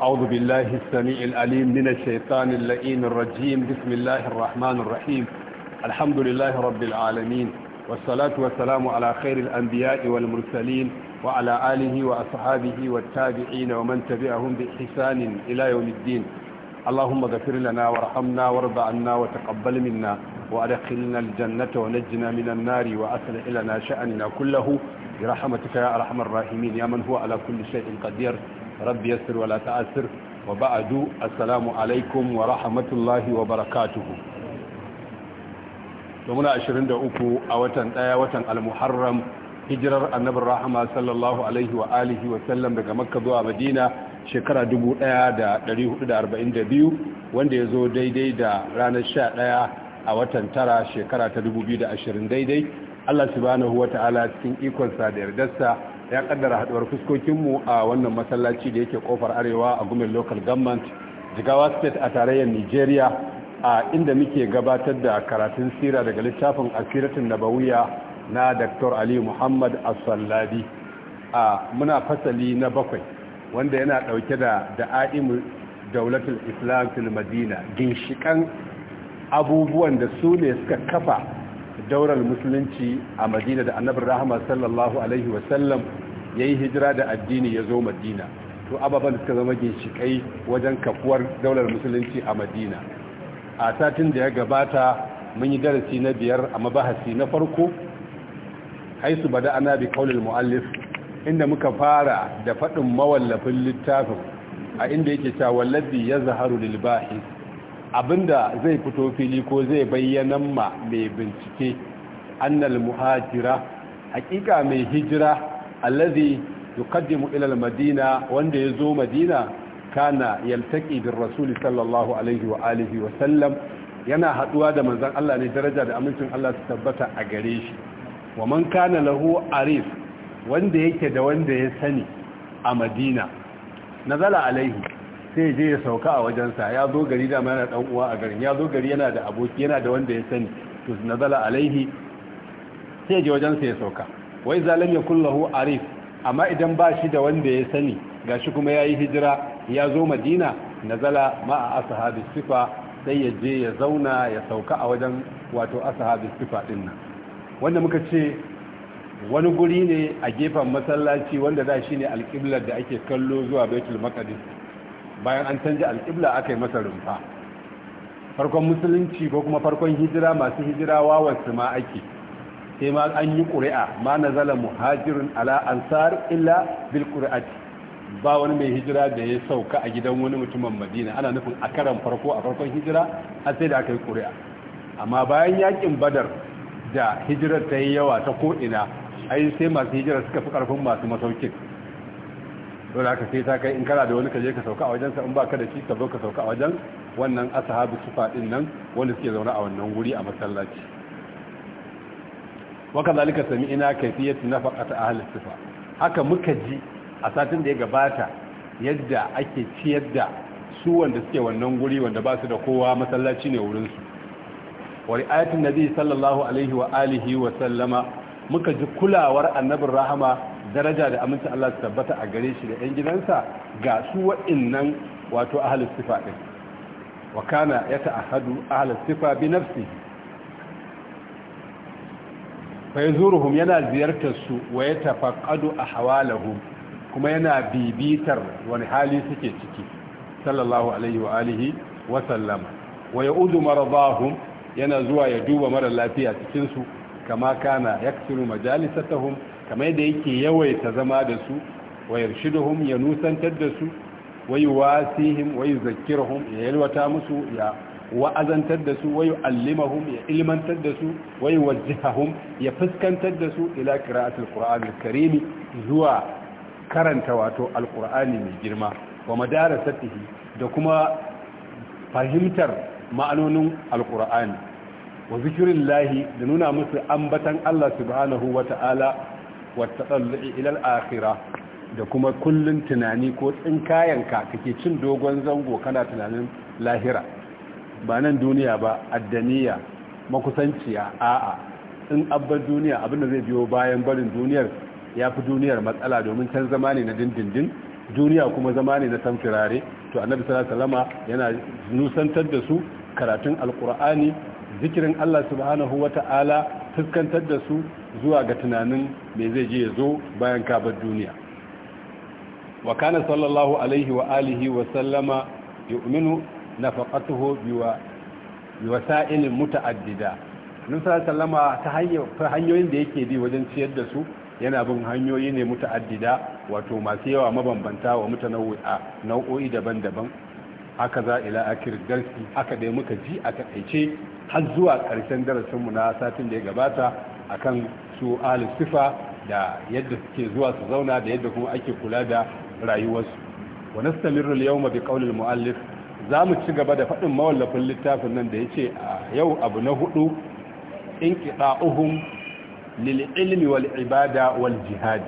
أعوذ بالله السميع العليم من الشيطان اللئيم الرجيم بسم الله الرحمن الرحيم الحمد لله رب العالمين والصلاة والسلام على خير الأنبياء والمرسلين وعلى آله وأصحابه والتابعين ومن تبعهم بإحسان إلى يوم الدين اللهم اغفر لنا وارحمنا وارض عنا وتقبل منا وأدخلنا الجنة ونجنا من النار وأصلح لنا شأننا كله برحمتك يا أرحم الراحمين يا من هو على كل شيء قدير رب يسر ولا تأسر وبعد السلام عليكم ورحمة الله وبركاته ومن أشرين دعوكو أوتن آيوتن المحرم hijirar annabin rahama sallallahu alaihi wa alihi wa sallam daga makka zuwa madina shekara 1442 wanda ya zo daidai da ranar 11 a watan tara shekara ta 2020 daidai Allah subhanahu ta'ala cikin ikonsa da yardarsa ya kaddara haduwar fuskokinmu a wannan masallaci da yake kofar arewa a gumin local government jigawa state a tarayyar nigeria a inda muke gabatar da karatun sira daga littafin asiratun nabawiya na dr ali muhammad asalladi a muna fasali na bakwai wanda yana dauke da da'a'imu daulatul islam fil madina ginshikan abubuwan da su ne suka kafa daular musulunci a madina da Annabi rahama sallallahu alaihi wasallam ya yi hijira da addini ya zo madina to ababen da suka zama ginshikai wajen kafuwar daular musulunci a madina a satin da ya gabata mun yi darasi na biyar a mabahasi na farko haisu bada ana bi kaulil mu'allif inda muka fara da faɗin mawallafin littafin a inda yake cewa wallazi ya zaharu lil bahis abinda zai fito fili ko zai bayyana ma mai bincike annal muhajira hakika mai hijira allazi yuqaddimu ila al-madina wanda yazo madina kana yaltaqi bil rasul sallallahu alaihi wa alihi wa sallam yana haduwa da manzon Allah ne daraja da amincin Allah su tabbata a gare shi wa man kana lahu arif wanda yake da wanda ya sani a madina nazala alaihi sai je ya sauka a wajensa ya zo gari da yana dan uwa a garin ya zo gari yana da aboki yana da wanda ya sani to nazala alaihi sai je wajensa ya sauka wai zalun ya kullahu arif amma idan ba shi da wanda ya sani gashi kuma ya yi hijira ya zo madina nazala a ashabi sifa sai ya je ya zauna ya sauka a wajen wato ashabi sifa din wanda muka ce wani guri ne a gefen masallaci wanda da shi ne alƙiblar da ake kallo zuwa baitul maqdis bayan an canja alƙibla aka yi masa rumfa farkon musulunci ko kuma farkon hijira masu hijira wawansu ma ake sai ma an yi ƙuri'a ma na zala muhajirin ala ansar illa bil ƙuri'ati ba wani mai hijira da ya sauka a gidan wani mutumin madina ana nufin a karan farko a farkon hijira a sai da aka yi ƙuri'a amma bayan yakin badar da hijirar ta yi yawa ta ko'ina ai sai masu hijira suka fi ƙarfin masu masaukin dole haka sai ta kai in kana da wani ka je ka sauka a wajen sa in ba ka da shi ka zo ka sauka a wajen wannan ashabu sufa din nan wanda suke zaune a wannan wuri a masallaci wa sami ina kayfiyat nafaqat ahli sufa haka muka ji a satin da ya gabata yadda ake ciyar da su wanda suke wannan guri wanda ba su da kowa masallaci ne wurin su wa ri'ayatun nabi sallallahu alaihi wa alihi wa sallama muka ji kulawar annabin rahama daraja da aminci Allah su tabbata a gare shi da 'yan gidansa ga su wa'innan wato sifa ɗin wa kana ya ta'ahadu ahalus sifa bi nafsi fai zuruhum yana ziyartar su wa ya tafaƙadu a hawalahum kuma yana bibitar wani hali suke ciki sallallahu alaihi wa alihi wa sallama wa ya udu yana zuwa ya duba mara lafiya cikinsu kama kana ya kusuru majalisatahum kamar da yake yawaita zama da su wa yarshiduhum ya nusantar da su wa yuwasihim wa hum ya yalwata musu ya wa'azantar da su wa yu'allimahum ya ilmantar da su wa yuwajjihahum ya fuskantar da su ila qira'atil qur'anil karim zuwa karanta wato alqur'ani mai girma wa madarasatihi da kuma fahimtar ma'anonin alqur'ani wa zikirin lahi da nuna musu ambatan Allah subhanahu wa ta'ala wattaɗalli ilal akira da kuma kullun tunani ko ka kake cin dogon zango kana tunanin lahira ba nan duniya ba addaniya makusanciya a'a in abban duniya abin da zai biyo bayan barin duniyar ya fi duniyar matsala domin can zama ne na dindindin duniya kuma zama ne na tamfirare to annabi salama yana nusantar da su karatun alkur'ani zikirin Allah subhanahu wata'ala fuskantar da su zuwa ga tunanin mai zai je ya zo bayan kabar duniya wa kana sallallahu alaihi wa alihi wa sallama yu'minu nafaqatuhu biwa sa'ilin muta'addida sa sallama ta hanyoyin da yake bi wajen ciyar da su yana bin hanyoyi ne muta'addida wato masu yawa mabambanta wa a nau'o'i daban-daban haka za ila akir haka dai muka ji a takaice har zuwa ƙarshen darasinmu na satin da ya gabata akan su alif sifa da yadda suke zuwa su zauna da yadda kuma ake kula da rayuwarsu wa nastamirru al-yawma bi qawli al-mu'allif za mu ci gaba da faɗin mawallafin littafin nan da ya ce a yau abu na hudu in ƙiɗa'uhun lil'ilmi wal ibada wal jihadi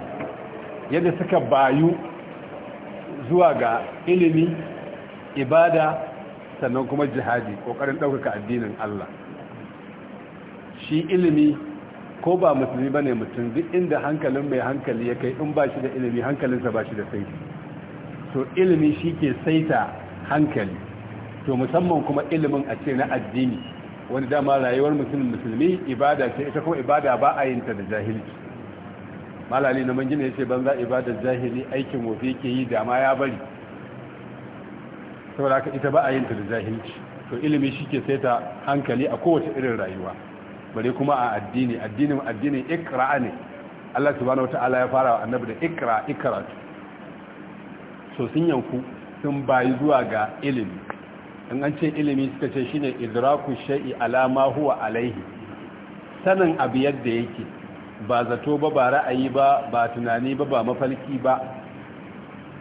yadda suka bayu zuwa ga ilimi ibada sannan kuma jihadi kokarin ɗaukaka addinin Allah shi ilimi ko ba musulmi bane mutum duk inda hankalin mai hankali ya kai in ba shi da ilimi hankalinsa ba shi da saiti to ilimi shi ke saita hankali to musamman kuma ilimin a ce na addini wani dama rayuwar musulmi musulmi ibada ce ita kuma ibada ba a yinta da jahilci malali na mangina ya ce banza ibadar jahili aikin wofi ke yi dama ya bari saboda haka ita ba a yin ta da jahilci to ilimi shike sai ta hankali a kowace irin rayuwa bare kuma a addini addinin addinin ikra ne Allah subhanahu wataala ya fara annabi da ikra ikra so sun yanku sun bayi zuwa ga ilimi in an ce ilimi suka ce shine idraku shay'i ala ma huwa alaihi sanin abu yadda yake ba zato ba ba ra'ayi ba ba tunani ba ba mafalki ba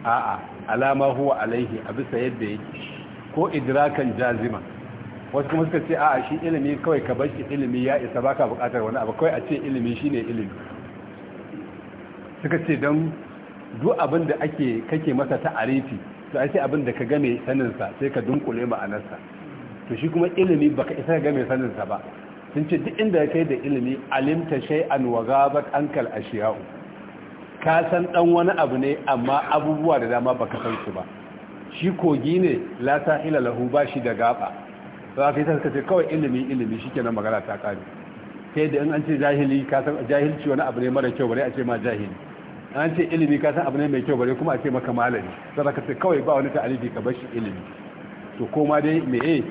a'a alama huwa alaihi a bisa yadda yake ko idrakan jazima wasu kuma suka ce a shi ilimi kawai ka bar shi ilimi ya isa baka bukatar wani abu kawai a ce ilimi shine ilimi suka ce don duk abin da ake kake masa arifi to ai sai abin da ka game saninsa sai ka dunkule ma'anarsa to shi kuma ilimi baka isa ka game saninsa ba sun ce duk inda ya kai da ilimi alimta shay'an wa ghabat ankal ashiya'u ka san dan wani abu ne amma abubuwa da dama baka san su ba shi kogi ne la ila lahu ba shi da gaba za ka yi ta ce kawai ilimi ilimi shikenan magana ta kare sai da in an ce jahili ka san jahilci wani abu ne mara kyau bare a ce ma jahili an ce ilimi ka san abu ne mai kyau bare kuma a ce maka malami sai ka ce kawai ba wani ta'alifi ka bar shi ilimi to koma dai me eh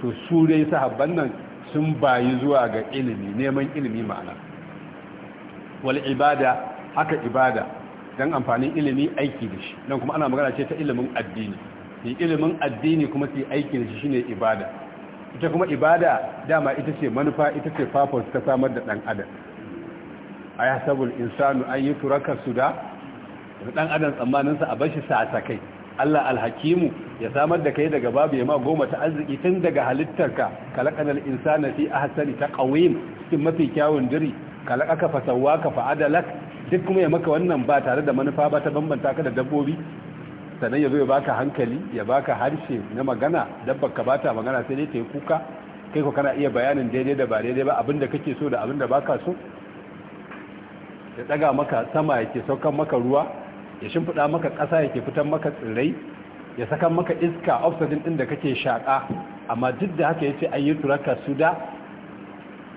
to su dai sahabban nan sun bayi zuwa ga ilimi neman ilimi ma'ana wal ibada haka ibada don amfanin ilimi aiki da shi don kuma ana magana ce ta ilimin addini yi ilimin addini kuma su aiki da shi shine ibada ita kuma ibada dama ita ce manufa ita ce purpose ta samar da dan adam aya sabul insanu an yi turakar su da dan adam tsammaninsa a bashi sa a kai Allah alhakimu ya samar da kai daga babu ya ma goma ta arziki tun daga halittarka kalakanal insana fi ta taqwim cikin mafi kyawun diri kalakaka fasawaka fa'adalak duk kuma ya maka wannan ba tare da manufa ba ta bambanta ka da dabbobi sannan ya zo ya baka hankali ya baka harshe na magana dabbar ka bata magana sai dai ta yi kuka kai ko kana iya bayanin daidai da ba daidai ba abinda kake so da abinda baka so ya daga maka sama yake saukan maka ruwa ya shimfiɗa maka ƙasa yake fitan maka tsirrai ya saka maka iska oxygen din da kake shaƙa amma duk da haka yace turaka suda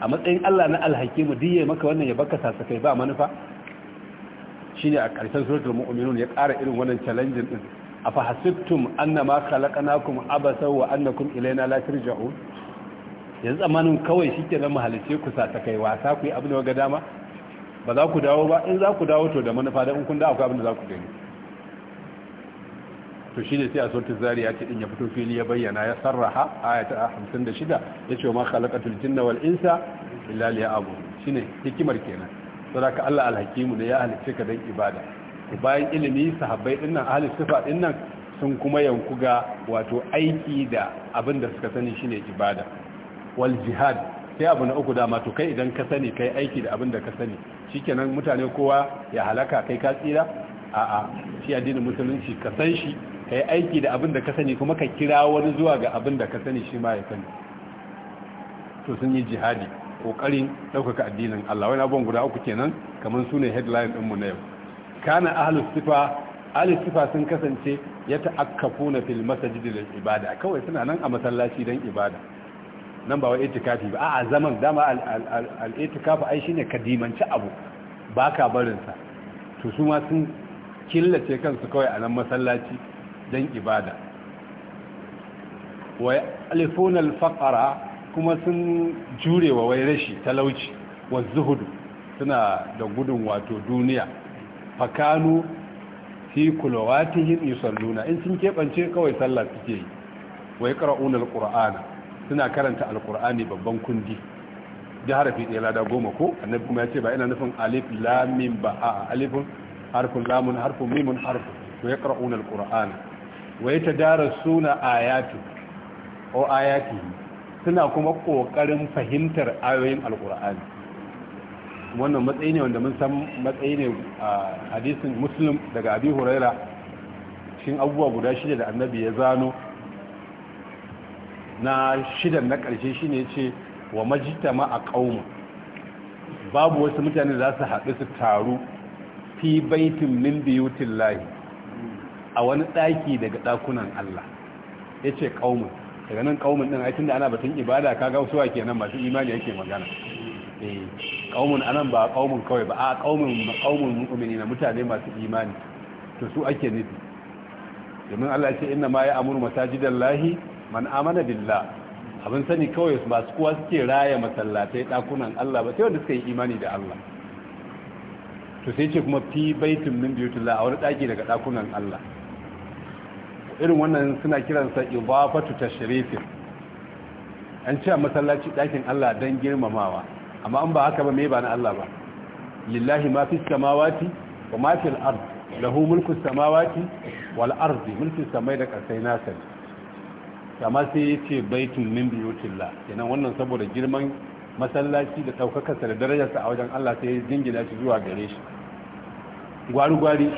a matsayin Allah na alhakimu diye maka wannan ya baka sasakai ba manufa shine a ƙarshen suratul mu'minun ya ƙara irin wannan challenge din afa hasittum annama khalaqnakum abasa wa annakum ilaina la turja'un yanzu zamanin kawai shike nan mahalice ku sa ta kai wasa ku yi abin da ga dama ba za ku dawo ba in za ku dawo to da manufa da in kun da akwai abin da za ku gani to shine sai a sautin zariya ce din ya fito fili ya bayyana ya sarraha ayata 56 yace ma khalaqatul jinna wal insa illa liya'budun shine hikimar kenan sadaka Allah alhakimu da ya halitta ka dan ibada bayan ilimi sahabbai dinnan ahli sifa dinnan sun kuma yanku ga wato aiki da abin da suka sani shine ibada wal jihad sai abu na uku dama to kai idan ka sani kai aiki da abin da ka sani shikenan mutane kowa ya halaka kai ka tsira a'a shi addinin musulunci ka san shi kai aiki da abin da ka sani kuma ka kira wani zuwa ga abin da ka sani shi ma ya sani to sun yi jihadi kokarin ɗaukaka addinin Allah wani abubuwan guda uku kenan kamar su ne din mu na yau kana ahlus sifa ahlus sifa sun kasance ya ta'akkafuna fil masajid lil ibada kawai suna nan a masallaci dan ibada nan ba wai itikafi ba a zaman dama al itikafi ai shine kadimanci abu baka barin sa to su ma sun killace kansu kawai a nan masallaci dan ibada wa alifuna al faqara kuma sun jure wa wai rashi talauci wa zuhudu suna da gudun wato duniya fakanu fi kulawatihim yusalluna in sun keɓance kawai sallah suke yi wai qara'una alqur'ana suna karanta alqur'ani babban kundi da harafi ɗaya lada goma ko annabi kuma ya ce ba ina nufin alif lam mim ba a alifun harfun lamun harfun mimun harfun wai qara'una alqur'ana wai tadarasuna ayatu o ayatihi suna kuma ƙoƙarin fahimtar ayoyin alƙur'ani wannan matsayi ne wanda mun san matsayi ne a hadisin muslim daga abi huraira Shin abubuwa guda shida da annabi ya zano na shidan na ƙarshe ne ce wa majitama a ƙaumu babu wasu mutane za su haɗu su taru fi baitin min biyutin lahi a wani ɗaki daga ɗakunan Allah ya ce ƙaumun daga nan kaumun din aikin da ana batun ibada kaga suwa kenan masu imani yake magana eh kaumun anan ba kaumun kawai ba a kaumun kaumun na mutane masu imani to su ake nufi domin Allah ya ce inna ma ya amuru masajidallahi man amana billah abin sani kawai masu kuwa suke raya masallatai dakunan Allah ba sai wanda suka yi imani da Allah to sai ce kuma fi baitin min biyutullah a wani daki daga dakunan Allah irin wannan suna kiransa ibafatu tashrifin an ce a masallaci ɗakin Allah don girmamawa amma an ba haka ba mai ba na Allah ba lillahi ma fi samawati wa ma fi al lahu mulku samawati wal ardi mulku samai da kasai nasa amma sai yace baitun min la. kenan wannan saboda girman masallaci da daukakar da darajarsa a wajen Allah sai ya jingina shi zuwa gare shi gwari gwari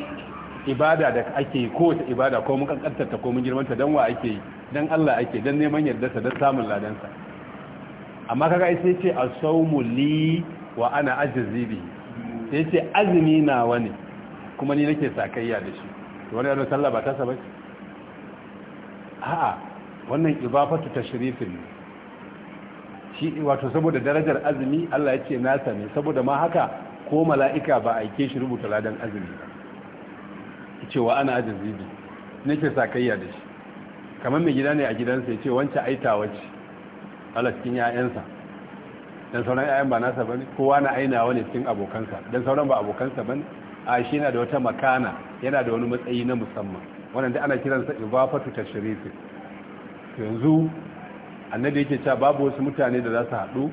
ibada da ake yi kowace ibada ko mun kankantarta ko mun girmanta dan wa ake yi dan Allah ake dan neman yardarsa dan samun ladansa amma kaga sai ce asawmu li wa ana ajzi bi sai ce azmi na ne kuma ni nake sakayya da shi wani yaro sallah ba ta saba ce a'a wannan ibafatu tashrifin ne shi wato saboda darajar azmi Allah ya ce na ne saboda ma haka ko mala'ika ba aike shi rubuta ladan azmi ba cewa ana ajin zibi sa kayya da shi kamar mai gida ne a gidansa ya ce wancan aitawa ce ala cikin 'ya'yansa dan sauran 'ya'yan ba nasa bane kowa na ainawa ne cikin abokansa dan sauran ba abokansa bane a shi yana da wata makana yana da wani matsayi na musamman wannan da ana kiransa ibafatu tashrifi yanzu annabi yake cewa babu wasu mutane da za su haɗu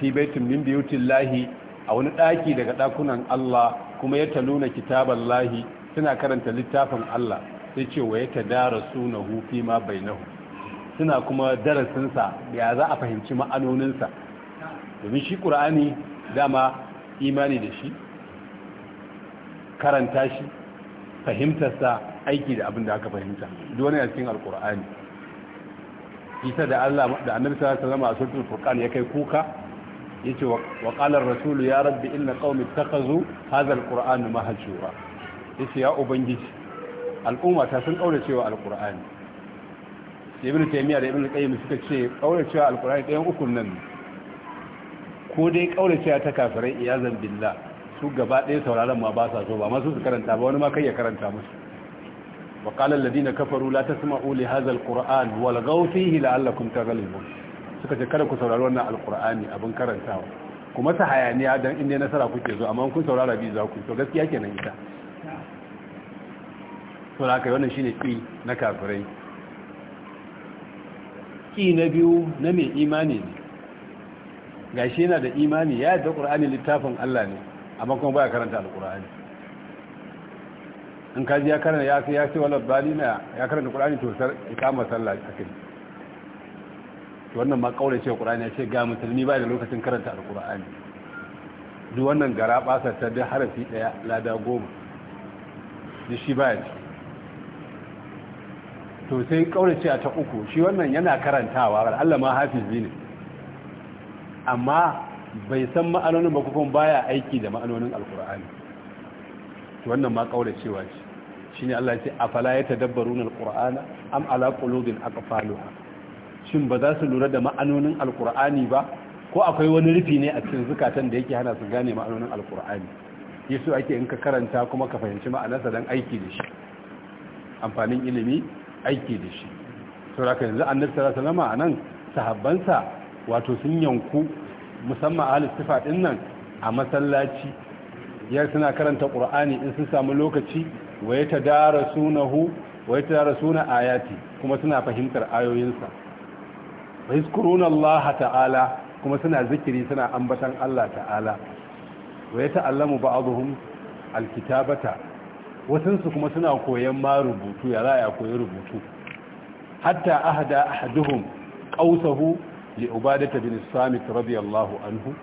fi baitin min biyutin lahi a wani ɗaki daga ɗakunan Allah kuma ya taluna kitaban lahi suna karanta littafin Allah sai ce wa ta dara suna hufi ma bai nahu suna kuma darasinsa ya za a fahimci ma'anoninsa domin shi ƙura'ani dama imani da shi karanta shi fahimtarsa aiki da abin da aka fahimta duwane a cikin alƙura'ani isa da Allah da annabi sallallahu alaihi wasallam a furqan ya kai kuka yace wa qala ar-rasul ya rabbi inna qaumi ittakhazu hadha al-qur'ana mahjura yace ya ubangiji al'umma ta sun kaura cewa alqur'ani ibn taymiya da ibn qayyim suka ce kaura cewa alqur'ani ɗayan ukun nan ko dai kaura cewa ta kafirai iyazan billah su gaba ɗaya sauraron ma ba sa so ba masu su karanta ba wani ma kai ya karanta musu wa qala alladhina kafaru la tasma'u li hadha alqur'an wal ghaw fihi la'allakum taghlibun suka ce kada ku saurari wannan alqur'ani abin karantawa kuma ta hayaniya dan inda nasara kuke zo amma kun saurara bi za ku to gaskiya kenan ita aka haka wannan shine ƙi na kafirai ƙi na biyu na mai imani ne ga shi yana da imani ya yadda ƙura'ani littafin Allah ne amma kuma baya karanta al-ƙura'ani in kaji ya karanta ya ya ce wala na ya karanta ƙura'ani to sar ikama sallah a kai to wannan ma kaure ce ƙura'ani ya ce ga musulmi ba da lokacin karanta al-ƙura'ani duk wannan gara basa ta da harafi ɗaya lada goma duk shi baya ce to sai kaurace ta uku shi wannan yana karantawa Allah ma hafizi ne amma bai san ma'anonin ba kuma baya aiki da ma'anonin alqur'ani to wannan ma cewa ce shine Allah ya ce afala yatadabbaruna alqur'ana am ala qulubin aqfaluha shin ba za su lura da ma'anonin Alƙur'ani ba ko akwai wani rufi ne a cikin zukatan da yake hana su gane ma'anonin alkur'ani yaso ake in ka karanta kuma ka fahimci ma'anarsa dan aiki da shi amfanin ilimi aiki da shi saboda yanzu annabi sallallahu alaihi wasallam anan sahabbansa wato sun yanku musamman ahli sifa din nan a masallaci ya suna karanta qur'ani in sun samu lokaci wa ta dara suna ayati kuma suna fahimtar ayoyinsa wa ta'ala kuma suna zikiri suna ambatan Allah ta'ala wa ta'allamu ba'dhum alkitabata wasansu kuma suna koyon ma rubutu ya raya koyi rubutu hatta ahada ahaduhum qausahu li ubadata bin samit radiyallahu anhu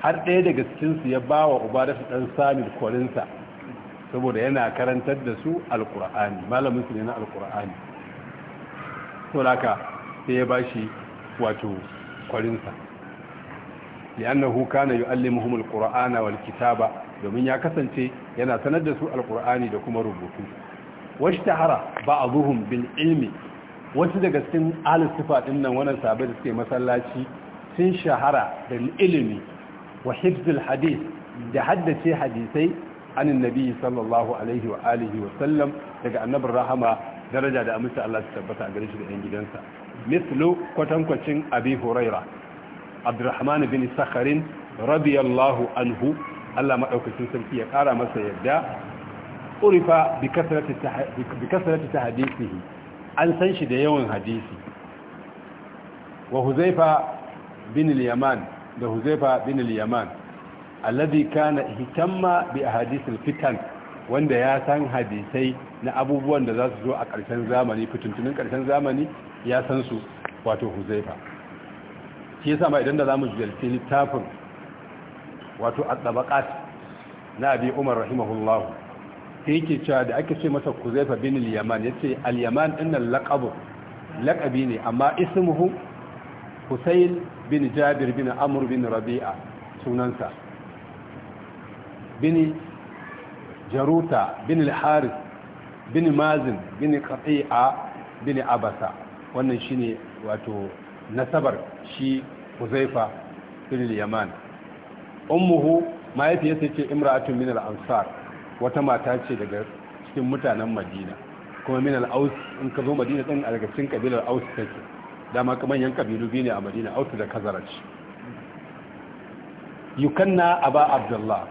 har ɗaya daga cikin su ya bawa ubadata dan samit korinsa saboda yana karantar da su alqur'ani malamin su ne na alqur'ani to laka sai ya bashi wato korinsa annahu kana yu'allimuhum alqur'ana wal kitaba domin ya kasance yana sanar da su alkur'ani da kuma rubutu wasu tahara ba a zuhun bin ilmi wasu daga cikin alif sifa ɗin nan wannan sabi da suke masallaci sun shahara da ilimi wa hifzul hadis da haddace hadisai anin nabi sallallahu alaihi wa alihi wa sallam daga annabin rahama daraja da amince Allah ta tabbata a gare shi da yan gidansa mislu kwatankwacin abi huraira abdurrahman bin sakharin radiyallahu anhu Allah maɗaukacin sarki ya ƙara masa yadda ƙurifa bi kasarata ta hadisihi an san shi da yawan hadisi wa huzaifa bin al da huzaifa bin al-yaman alladhi kana hitamma bi ahadithil fitan wanda ya san hadisai na abubuwan da za su zo a ƙarshen zamani fituntunin ƙarshen zamani ya san su wato huzaifa shi yasa ma idan da zamu ziyarci littafin wato at na abi umar rahimahullah sai yake cewa da ake ce masa kuzaifa bin al-yaman yace al-yaman din laqab laqabi ne amma ismuhu husayl bin jabir bin amr bin rabi'a sunansa bin jaruta bin al-haris bin mazin bin qati'a bin abasa wannan shine wato nasabar shi huzaifa bin al-yaman ummuhu yace ce imra'atun min al-ansar wata mata ce daga cikin mutanen madina kuma min al-aus in ka zo madina din a daga cikin kabilar aus take dama kaman yan kabilu biyu ne a madina aus da kazaraj yukanna aba abdullah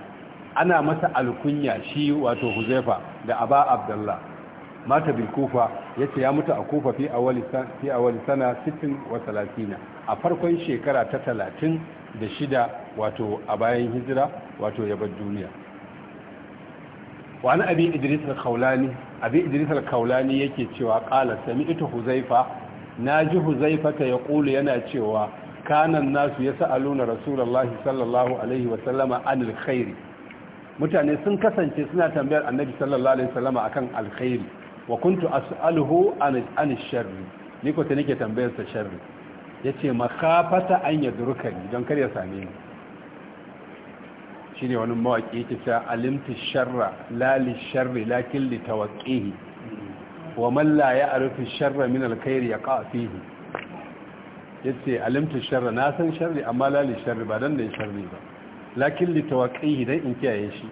ana masa alkunya shi wato huzaifa da aba abdullah mata bil kufa yace ya mutu a kufa fi awali fi awali sana 36 a farkon shekara ta da shida wato a bayan hijira wato ya bar duniya wani abi idris al-kaulani abi idris al-kaulani yake cewa qala sami'tu huzaifa naji huzaifa ta yaqulu yana cewa kanan nasu yas'aluna rasulullahi sallallahu alaihi wa sallama anil khairi mutane sun kasance suna tambayar annabi sallallahu alaihi wasallama akan alkhairi wa kuntu as'aluhu an an sharri ni ko nake tambayar sa sharri ya ce makafata an yi duruka don kar ya same ni shi ne wani mawaƙi yake ta alimti sharra lali sharri lakin li tawaqqihi wa malla ya arufi sharra min alkhair yaqa ya ce alimti sharra na san sharri amma lali sharri ba don da sharri ba lakin li tawaqqihi don in kiyaye shi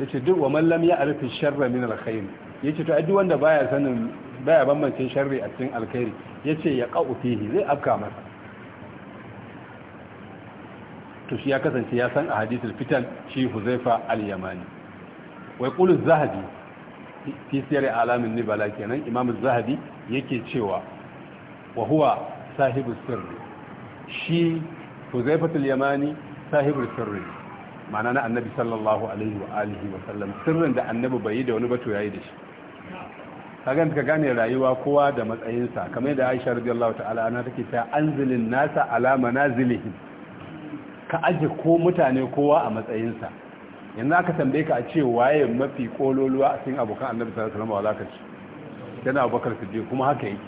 ya ce duk wa mallam ya arufi sharra min ya ce to duk wanda baya sanin baya bambance sharri a cikin alkhairi ya ce ya qa'u fihi zai afka masa to shi ya kasance ya san ahadithul fitan shi huzaifa al-yamani wa yaqulu az-zahabi fi sirri alamin nibala kenan imam az-zahabi yake cewa wa huwa sahibus sirri shi huzaifatul yamani sahibul sirri ma'ana na annabi sallallahu alaihi wa alihi wa sallam sirrin da annabi bai yi da wani bato yayi da shi kagan ka gane rayuwa kowa da matsayinsa kamar yadda aisha radiyallahu ta'ala ana take ta anzilin nasa ala manazilihi ka aje ko mutane kowa a matsayinsa yanzu aka tambaye ka a ce waye mafi kololuwa a cikin abokan annabi sallallahu alaihi wasallam zaka ce yana abubakar kuma haka yake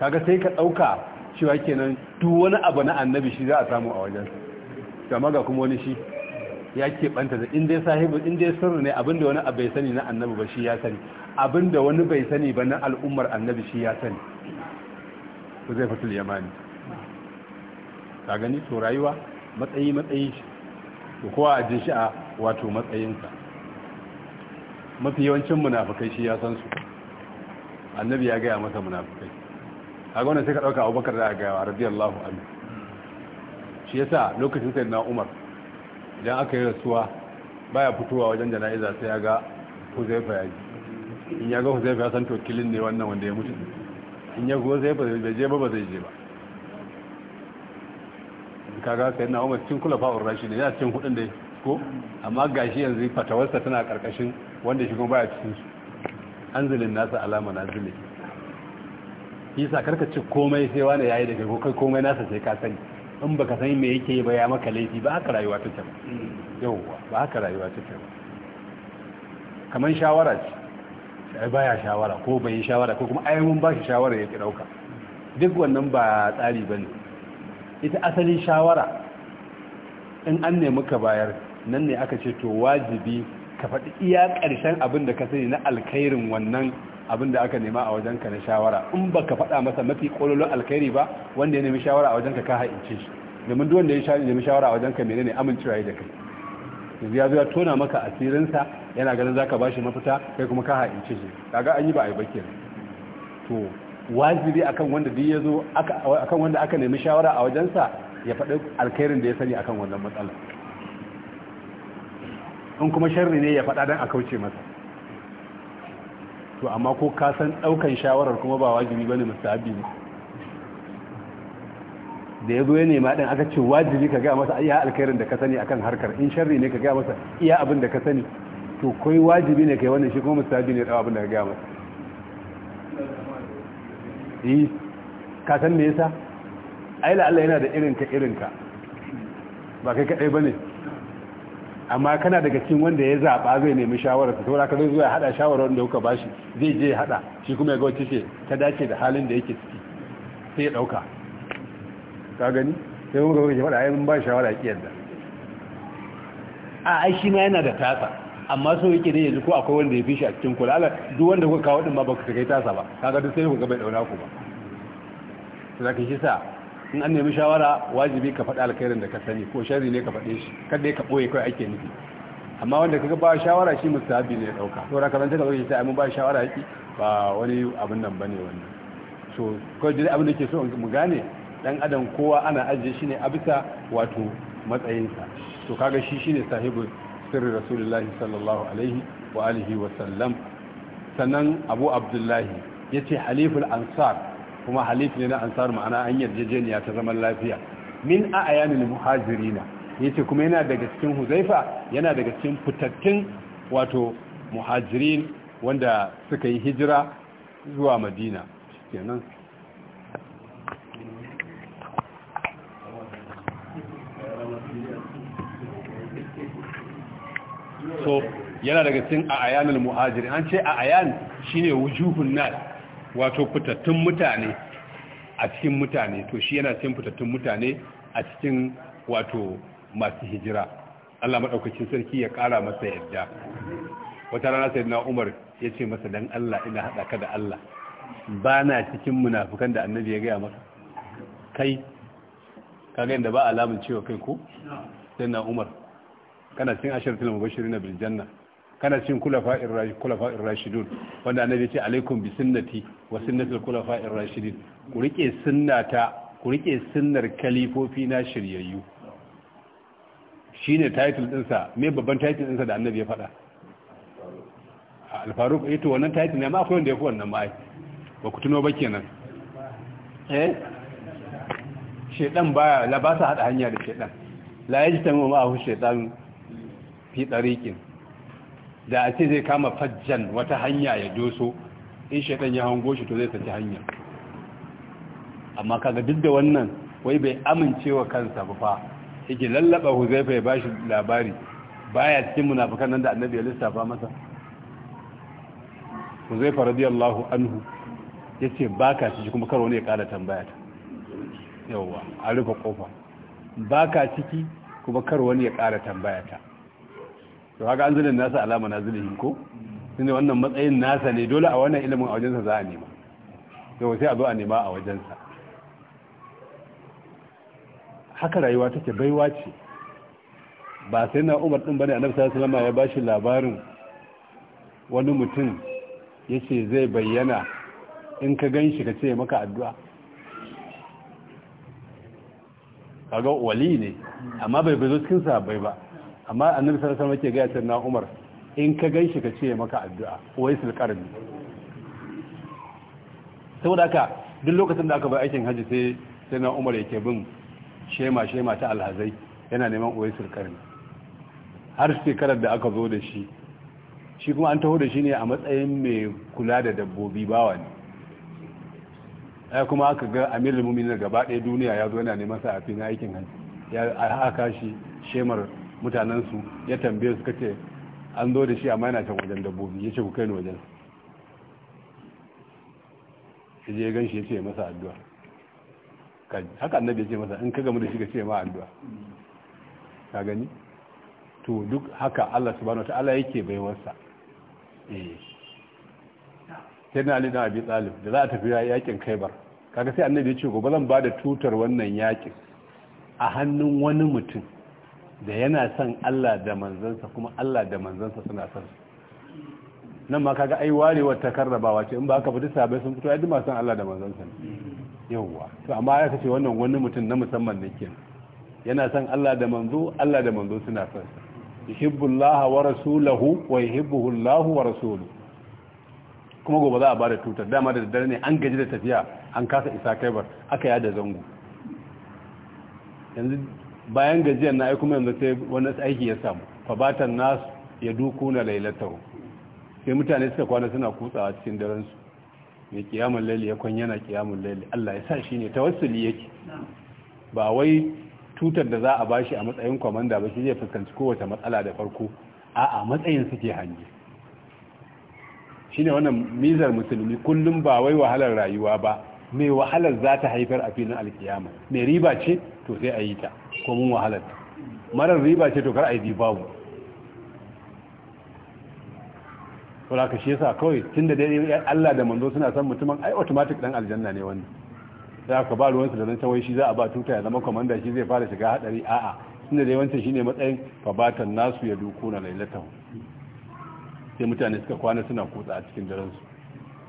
kaga sai ka dauka cewa kenan duk wani abu na annabi shi za a samu a wajen ga kuma wani shi ya keɓanta da in ya sahibu in ya sirri ne abinda wani bai sani na annabi ba shi ya sani abinda wani bai sani ba na al'ummar annabi shi ya sani ku zai fatul yamani ta gani to rayuwa matsayi matsayi to kowa a jin shi a wato matsayinsa mafi yawancin munafukai shi ya san su annabi ya gaya masa munafukai a gwamnati sai ka ɗauka abubakar da a gaya wa radiyallahu amin shi yasa lokacin sai na umar idan aka yi rasuwa ba ya fitowa wajen jana'iza sai ya ga huzaifa ya ji in ya ga huzaifa ya san tokilin ne wannan wanda ya mutu in ya kuma zai bai je ba ba zai je ba ga sai na umar cikin kula fa'ur rashi ne yana cikin hudun da ko amma gashi yanzu fatawarsa tana karkashin wanda shi kuma baya cikin su anzilin nasa alama na zile yasa karka ci komai sai wani yayi da kai ko kai komai nasa sai ka sani in baka san me yake yi ba ya maka laifi ba haka rayuwa ta ba yauwa ba haka rayuwa ta ba kamar shawara ce ai baya shawara ko bai yi shawara ko kuma ai mun ba shi shawara ya ki dauka duk wannan ba tsari bane ita asalin shawara in an nemi ka bayar nan ne aka ce to wajibi ka faɗi iya ƙarshen abin da ka sani na alkhairin wannan abinda aka nema a wajenka na shawara in ba ka faɗa masa mafi kololon alkhairi ba wanda ya nemi shawara a wajenka ka haince shi domin duk wanda ya nemi shawara a wajenka menene amincewa ya da kai yanzu ya zo ya tona maka asirinsa yana ganin za ka ba shi mafita kai kuma ka haince shi kaga an yi ba a yi ba kenan to wajibi akan wanda duk ya zo akan wanda aka nemi shawara a wajensa ya faɗi alkhairin da ya sani akan wannan matsalar in kuma sharri ne ya faɗa don a kauce masa to amma ko ka san daukan shawarar kuma ba wajibi bane mustahabi ne da yazo ya nema din aka ce wajibi ka ga masa iya alkhairin da ka sani akan harkar in sharri ne ka ga masa iya abin da ka sani to koi wajibi ne kai wannan shi kuma mustahabi ne da abin da ka ga masa eh ka san me yasa ai la Allah yana da irinka irinka ba kai kadai bane amma kana daga cikin wanda ya zaɓa zai nemi shawarar ta saboda zai zuwa hada shawara wanda kuka bashi zai je hada shi kuma ya ga wacce ce ta dace da halin da yake ciki sai ya dauka ka gani sai mun ga wani faɗa ai mun ba shawara ki yadda a ai shi ma yana da tasa amma so yake ne yanzu ko akwai wanda ya fi shi a cikin kula ala duk wanda kuka kawo din ma baka kai tasa ba kaga duk sai ku ga bai dauna ku ba to zaka shi sa in an nemi shawara wajibi ka faɗa alkhairin da ka sani ko sharri ne ka faɗe shi kada ka ɓoye kai ake nufi amma wanda kaga ba shawara shi mustahabi ne ya ɗauka saboda ka zance ka zo ta mun ba shawara yaki ba wani abin nan bane wannan so kawai dai abin da ke so mu gane ɗan adam kowa ana ajiye shi ne a bisa wato matsayinsa to kaga shi shine sahibin sirri rasulullahi sallallahu alaihi wa alihi wa sallam sannan abu abdullahi yace haliful ansar kuma halif ne na ansar ma'ana an yarjejeniya ta zaman lafiya min a ayanin muhajirina yace kuma yana daga cikin huzaifa yana daga cikin fitattun wato muhajirin wanda suka yi hijira zuwa madina kenan so yana daga cikin a ayanin muhajirin an ce a ayan shine wujuhun nas wato fitattun mutane a cikin mutane to shi yana cikin fitattun mutane a cikin wato masu hijira Allah madaukakin sarki ya kara masa yadda wata rana na Umar ya ce masa dan Allah ina hada ka da Allah ba na cikin munafukan da annabi ya gaya maka kai ka ga yadda ba alamun cewa kai ko sai na umar kana cikin ashiratul mubashirin bil janna kana cin kulafa irrashidun wanda annabi ce alaikum bi sunnati wa sunnatul kulafa irrashidin ku rike sunnata ku rike sunnar kalifofi na shiryayyu shine title din sa me babban title din sa da annabi ya faɗa al-faruq ito eh wannan title ne ma akwai wanda ya fi wannan ma ba ku tuno ba kenan eh shedan baya la ba sa hada hanya da shedan la yajtamu ma'ahu shedan fi tariqin da a ce zai kama fajjan wata hanya ya doso in shaitan ya hango shi to zai saki hanya amma kaga duk da wannan wai bai amincewa kansa ba fa yake lallaba huzaifa ya bashi labari baya cikin munafikan nan da annabi ya lissafa masa huzaifa radiyallahu anhu yace baka ciki kuma karo ne ya kara tambaya ta yawa a rufe kofa baka ciki kuma karo wani ya kara tambaya ta to haka an zilin nasa alama na zilin ko ne wannan matsayin nasa ne dole a wannan ilimin a wajensa za a nema yau sai a zo a nema a wajensa haka rayuwa take baiwa ce ba sai na umar ɗin bane annabi sallallahu alaihi wasallam ya bashi labarin wani mutum ya ce zai bayyana in ka ganshi ka ce maka addu'a kaga wali ne amma bai bazo cikin sahabbai ba amma annabi sallallahu alaihi wasallam yake ga sayyidina Umar in ka ganshi ka ce maka addu'a waisul qarni saboda haka duk lokacin da aka bar aikin hajji sai sayyidina Umar yake bin shema shema ta alhazai yana neman waisul qarni har shekarar da aka zo da shi shi kuma an taho da shi ne a matsayin mai kula da dabbobi bawa ne ya kuma aka ga amirul muminin gaba ɗaya duniya ya zo yana neman sa a aikin hajji ya haka shi shemar mutanensu ya tambaye su ce an zo da shi amma yana can wajen dabbobi ya ce ku kai ni wajen shi je gan shi ya ce masa addu'a haka annabi ya ce masa in ka gamu da shi ka ce ma addu'a ka gani to duk haka Allah subhanahu wataala yake baiwarsa eh sai na Ali da Abi Talib da za a tafi yakin Khaibar kaga sai annabi ya ce gobe zan ba da tutar wannan yakin a hannun wani mutum da yana son Allah da manzansa kuma Allah da manzansa suna son su nan ma kaga ai warewar ta karrabawa ce in ba aka fita sabai sun fito ai masu son Allah da manzansa ne yawwa to amma aka ce wannan wani mutum na musamman ne ke yana son Allah da manzo Allah da manzo suna son su yuhibbullaha wa rasulahu wa yuhibbuhu Allah wa rasuluhu kuma gobe za a bada tutar dama da daddare ne an gaji da tafiya an kasa isa kaibar aka yada zango yanzu bayan gajiyar na kuma yanzu sai wani aiki ya samu fabatan nasu ya duku na lailatar sai mutane suka kwana suna kutsawa cikin daren su mai kiyamun laili ya kwan yana kiyamun laili Allah ya sa shi ne ta wasu yake ba wai tutar da za a bashi a matsayin kwamanda ba shi zai fuskanci kowace matsala da farko a a matsayin suke hange shine wannan mizar musulmi kullum ba wai wahalar rayuwa ba mai wahalar za ta haifar a filin alkiyama mai riba ce to sai a yi ta ko mun wahalar marar riba ce to kar a yi babu to da shi yasa kawai tun da dai Allah da manzo suna san mutumin ai automatic dan aljanna ne wannan sai aka ba ruwansu da zancen wai shi za a ba tuta ya zama commander shi zai fara shiga hadari a'a tunda dai wancan shine matsayin fabatan nasu ya duku na lailatan sai mutane suka kwana suna kutsa a cikin daren su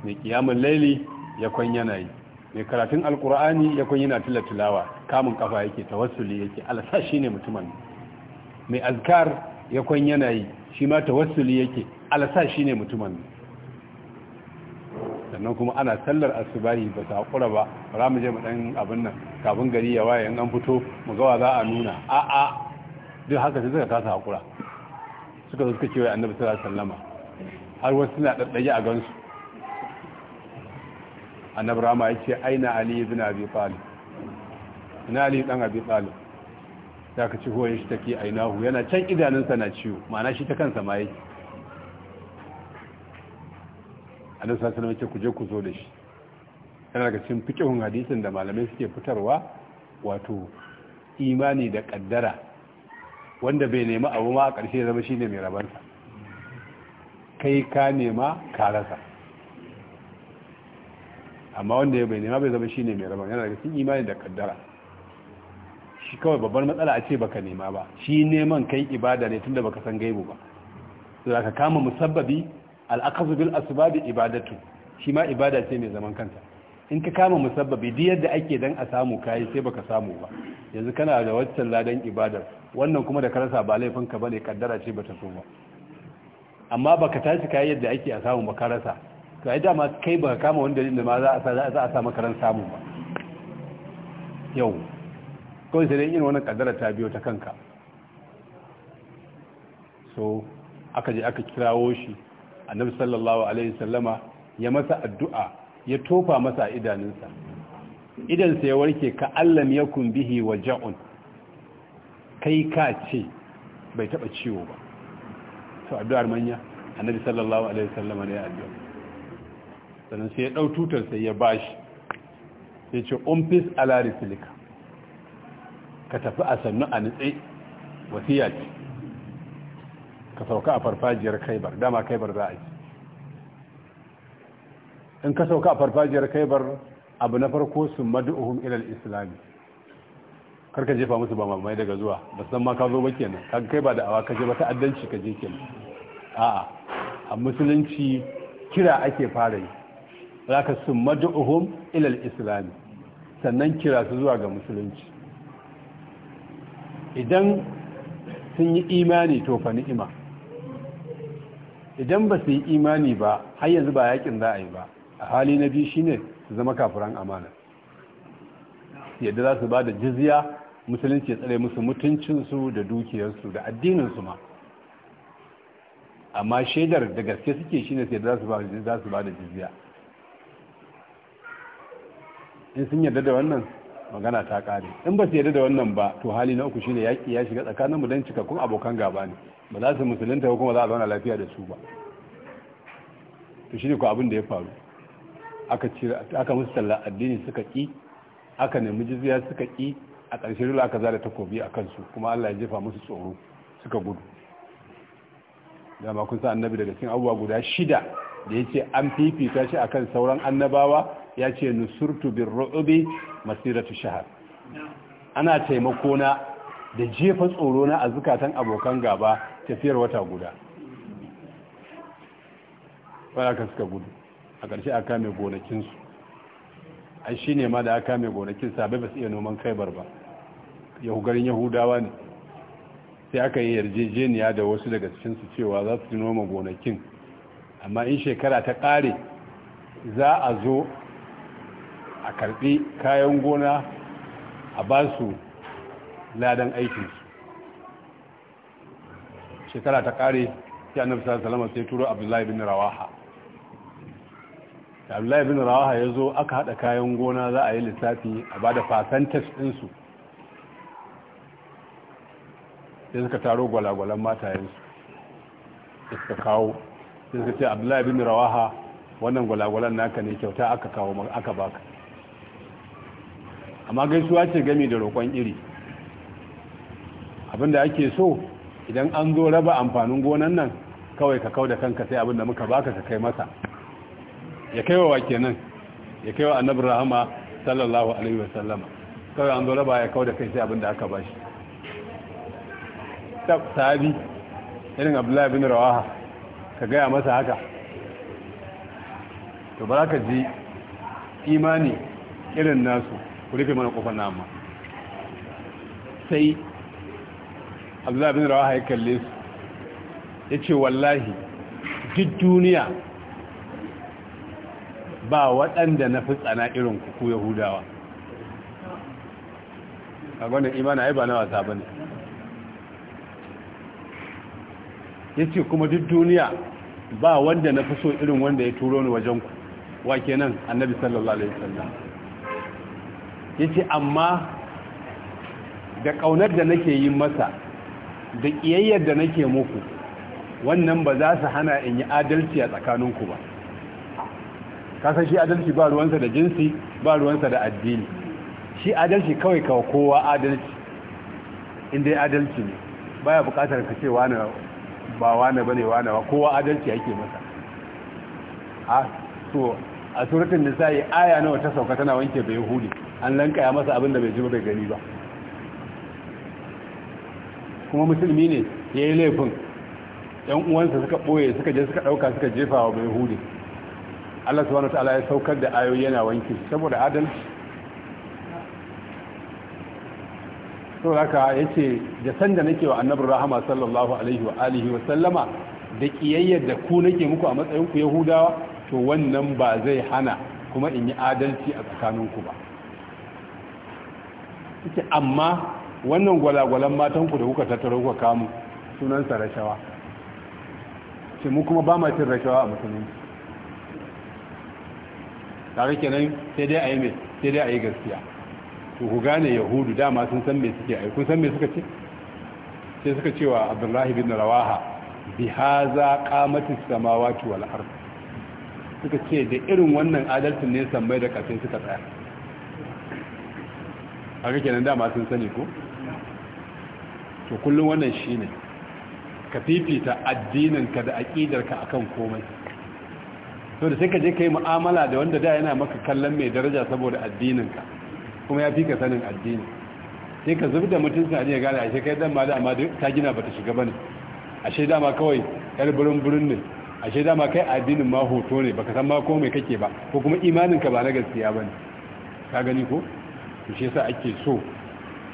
mai kiyamul laili ya kwanya yanayi mai karatun alkur'ani ya kun yana tilla tilawa kamun kafa yake tawassuli yake alasa shi ne mutumin mai azkar ya kun yana yi shi ma tawassuli yake alasa shi ne mutumin sannan kuma ana sallar asubahi ba ta haƙura ba ra mu je mu dan abin nan kafin gari ya waye an fito mu ga wa za a nuna a a duk haka sai suka kasa haƙura suka zo suka ce wa annabi sallama har wasu suna ɗaɗɗage a gansu annabi rama ya ce aina ali ibn abi talib ina ali dan abi talib da ka ci ta ke aina hu yana can idanunsa na ciwo ma'ana shi ta kansa ma yake annabi sallallahu alaihi wasallam ya ku je ku zo da shi yana daga cikin fikihun hadisin da malamai suke fitarwa wato imani da kaddara wanda bai nema abu ma a ƙarshe zama shine mai rabansa kai ka nema ka rasa amma wanda ya bai nema bai zama shine mai rabon yana daga cikin imani da kaddara shi kawai babbar matsala a ce baka nema ba shi neman kai ibada ne tunda baka san gaibu ba sai ka kama musabbabi al bil asbab ibadatu shi ma ibada ce mai zaman kanta in ka kama musabbabi duk yadda ake dan a samu kai sai baka samu ba yanzu kana da waccan ladan ibadar wannan kuma da ka rasa ba laifin ka bane kaddara ce ba ta so ba amma baka tashi kai yadda ake a samu ba ka rasa. to ai dama kai ba kama wani dalilin da ma za a sa makaran samu ba yau kawai sai dai yin wani kaddara ta biyo ta kanka so aka je aka kirawo shi annabi sallallahu alaihi sallama ya masa addu'a ya tofa masa idanunsa idansa ya warke ka allam yakun bihi waja'un kai ka ce bai taba ciwo ba to addu'ar manya annabi sallallahu alaihi sallama ne ya addu'a sannan sai ya ɗau tutar sai ya bashi sai ce umfis ala silika ka tafi a sannu a nitse wasiya ce ka sauka a farfajiyar kaibar dama kaibar za a ci in ka sauka a farfajiyar kaibar abu na farko sun madu'uhum ilal islami karka jefa musu ba mamaye daga zuwa ba san ma ka zo ba kenan ka kai ba da awa ka je ba ta'addanci ka je kenan a'a a musulunci kira ake fara yi zaka sun mad'uhum ilal al-islam sannan kira su zuwa ga musulunci idan sun yi imani to fa ni'ima idan ba su yi imani ba har yanzu ba yakin za a yi ba a hali na biyu shine su zama kafiran amana yadda za su ba da jizya musulunci ya tsare musu mutuncinsu da dukiyarsu da addininsu ma amma shaidar da gaske suke shine sai za su ba da jizya in sun yarda da wannan magana ta kare in ba su yarda da wannan ba to hali na uku shine yaki ya shiga tsakanin mu dan cikakkun abokan gaba ne ba za su musulunta ko kuma za a zauna lafiya da su ba to shine ko abin da ya faru aka aka musu sallar addini suka ki aka nemi jizya suka ki a ƙarshe dole aka zara takobi a kansu kuma Allah ya jefa musu tsoro suka gudu dama kun sa annabi daga cikin abubuwa guda shida da ya ce an fifita shi akan sauran annabawa ya ce nusurtu bin masiratu shahar ana taimako na da jefa tsoro na a zukatan abokan gaba tafiyar wata guda wadda suka gudu a ƙarshe aka mai gonakinsu an shi ne ma da aka mai gonakin bai ba su iya noman kaibar ba yahugarin yahudawa ne sai aka yi yarjejeniya da wasu daga cikinsu cewa za su noma gonakin amma in shekara ta ƙare za a zo a karbi kayan gona a ba su ladan aikinsu shekara ta kare sai annabi sallallahu alaihi sai turo abdullahi bin rawaha da abdullahi bin rawaha ya zo aka hada kayan gona za a yi lissafi a ba da fasantas ɗinsu sai suka taro gwalagwalan matayensu suka kawo sai suka ce abdullahi bin rawaha wannan gwalagwalan naka ne kyauta aka kawo aka baka amma gaisuwa ce gami da roƙon iri abinda ake so idan an zo raba amfanin gonan nan kawai ka kau da kanka sai abinda muka baka ka kai masa ya kai wa kenan ya kai wa annabi rahama sallallahu alaihi wa sallama kawai an zo raba ya kau da kai sai abinda aka bashi sahabi irin abdullahi bin rawaha ka gaya masa haka to ba ka ji imani irin nasu ku rufe mana kofar na amma sai abdullahi bin rawaha ya kalle su ya ce wallahi duk duniya ba waɗanda na fi tsana irin ku yahudawa a gwanin imana ai ba na wasa ba ne ya ce kuma duk duniya ba wanda na fi so irin wanda ya turo ni wajen ku wa kenan annabi sallallahu alaihi wasallam Ya ce, amma da ƙaunar da nake yi masa da ƙiyayyar da nake muku wannan ba za su hana in yi adalci a tsakaninku ba kasar shi adalci ba ruwansa da jinsi ba ruwansa da addini shi adalci kawai kawai kowa adalci inda adalci ne ba ya bukatar ka ce wane ba wane ne wane ba kowa adalci yake masa a so a suratun nisa'i aya nawa ta sauka tana wanke bai hudu an lankaya masa abin da bai ji bai gani ba kuma musulmi ne ya yi laifin yan uwansa suka ɓoye suka je suka ɗauka suka jefa wa mai hudu allah su wa ta'ala ya saukar da ayoyi yana wanki saboda adalci sau haka ya ce da sanda nake wa annabin rahama sallallahu alaihi wa alihi wa sallama da ƙiyayyar da ku nake muku a matsayinku yahudawa to wannan ba zai hana kuma in yi adalci a tsakaninku ba suke amma wannan gwalagwalan matanku da kuka tattaro kuka kamu sunansa rashawa ce mu kuma ba ma cin rashawa a musulunci tare kenan sai dai a yi mai sai dai a yi gaskiya to ku gane yahudu dama sun san me suke a kun san me suka ce sai suka cewa abdullahi bin rawaha bi haza qamati samawati wal ard suka ce da irin wannan adalcin ne sammai da kasai suka tsaya haka kenan dama sun sani ko to kullum wannan shine ka fifita addininka da aqidarka akan komai to da sai ka je kai mu'amala da wanda da yana maka kallon mai daraja saboda addininka kuma ya fi ka sanin addini sai ka zubda mutunci a ne gane ashe kai dan ma da amma ta gina bata shiga bane ashe dama kawai yar burin burin ne ashe dama kai addinin ma hoto ne baka san ma ko kake ba ko kuma imaninka ba na gaskiya bane ka gani ko to shi yasa ake so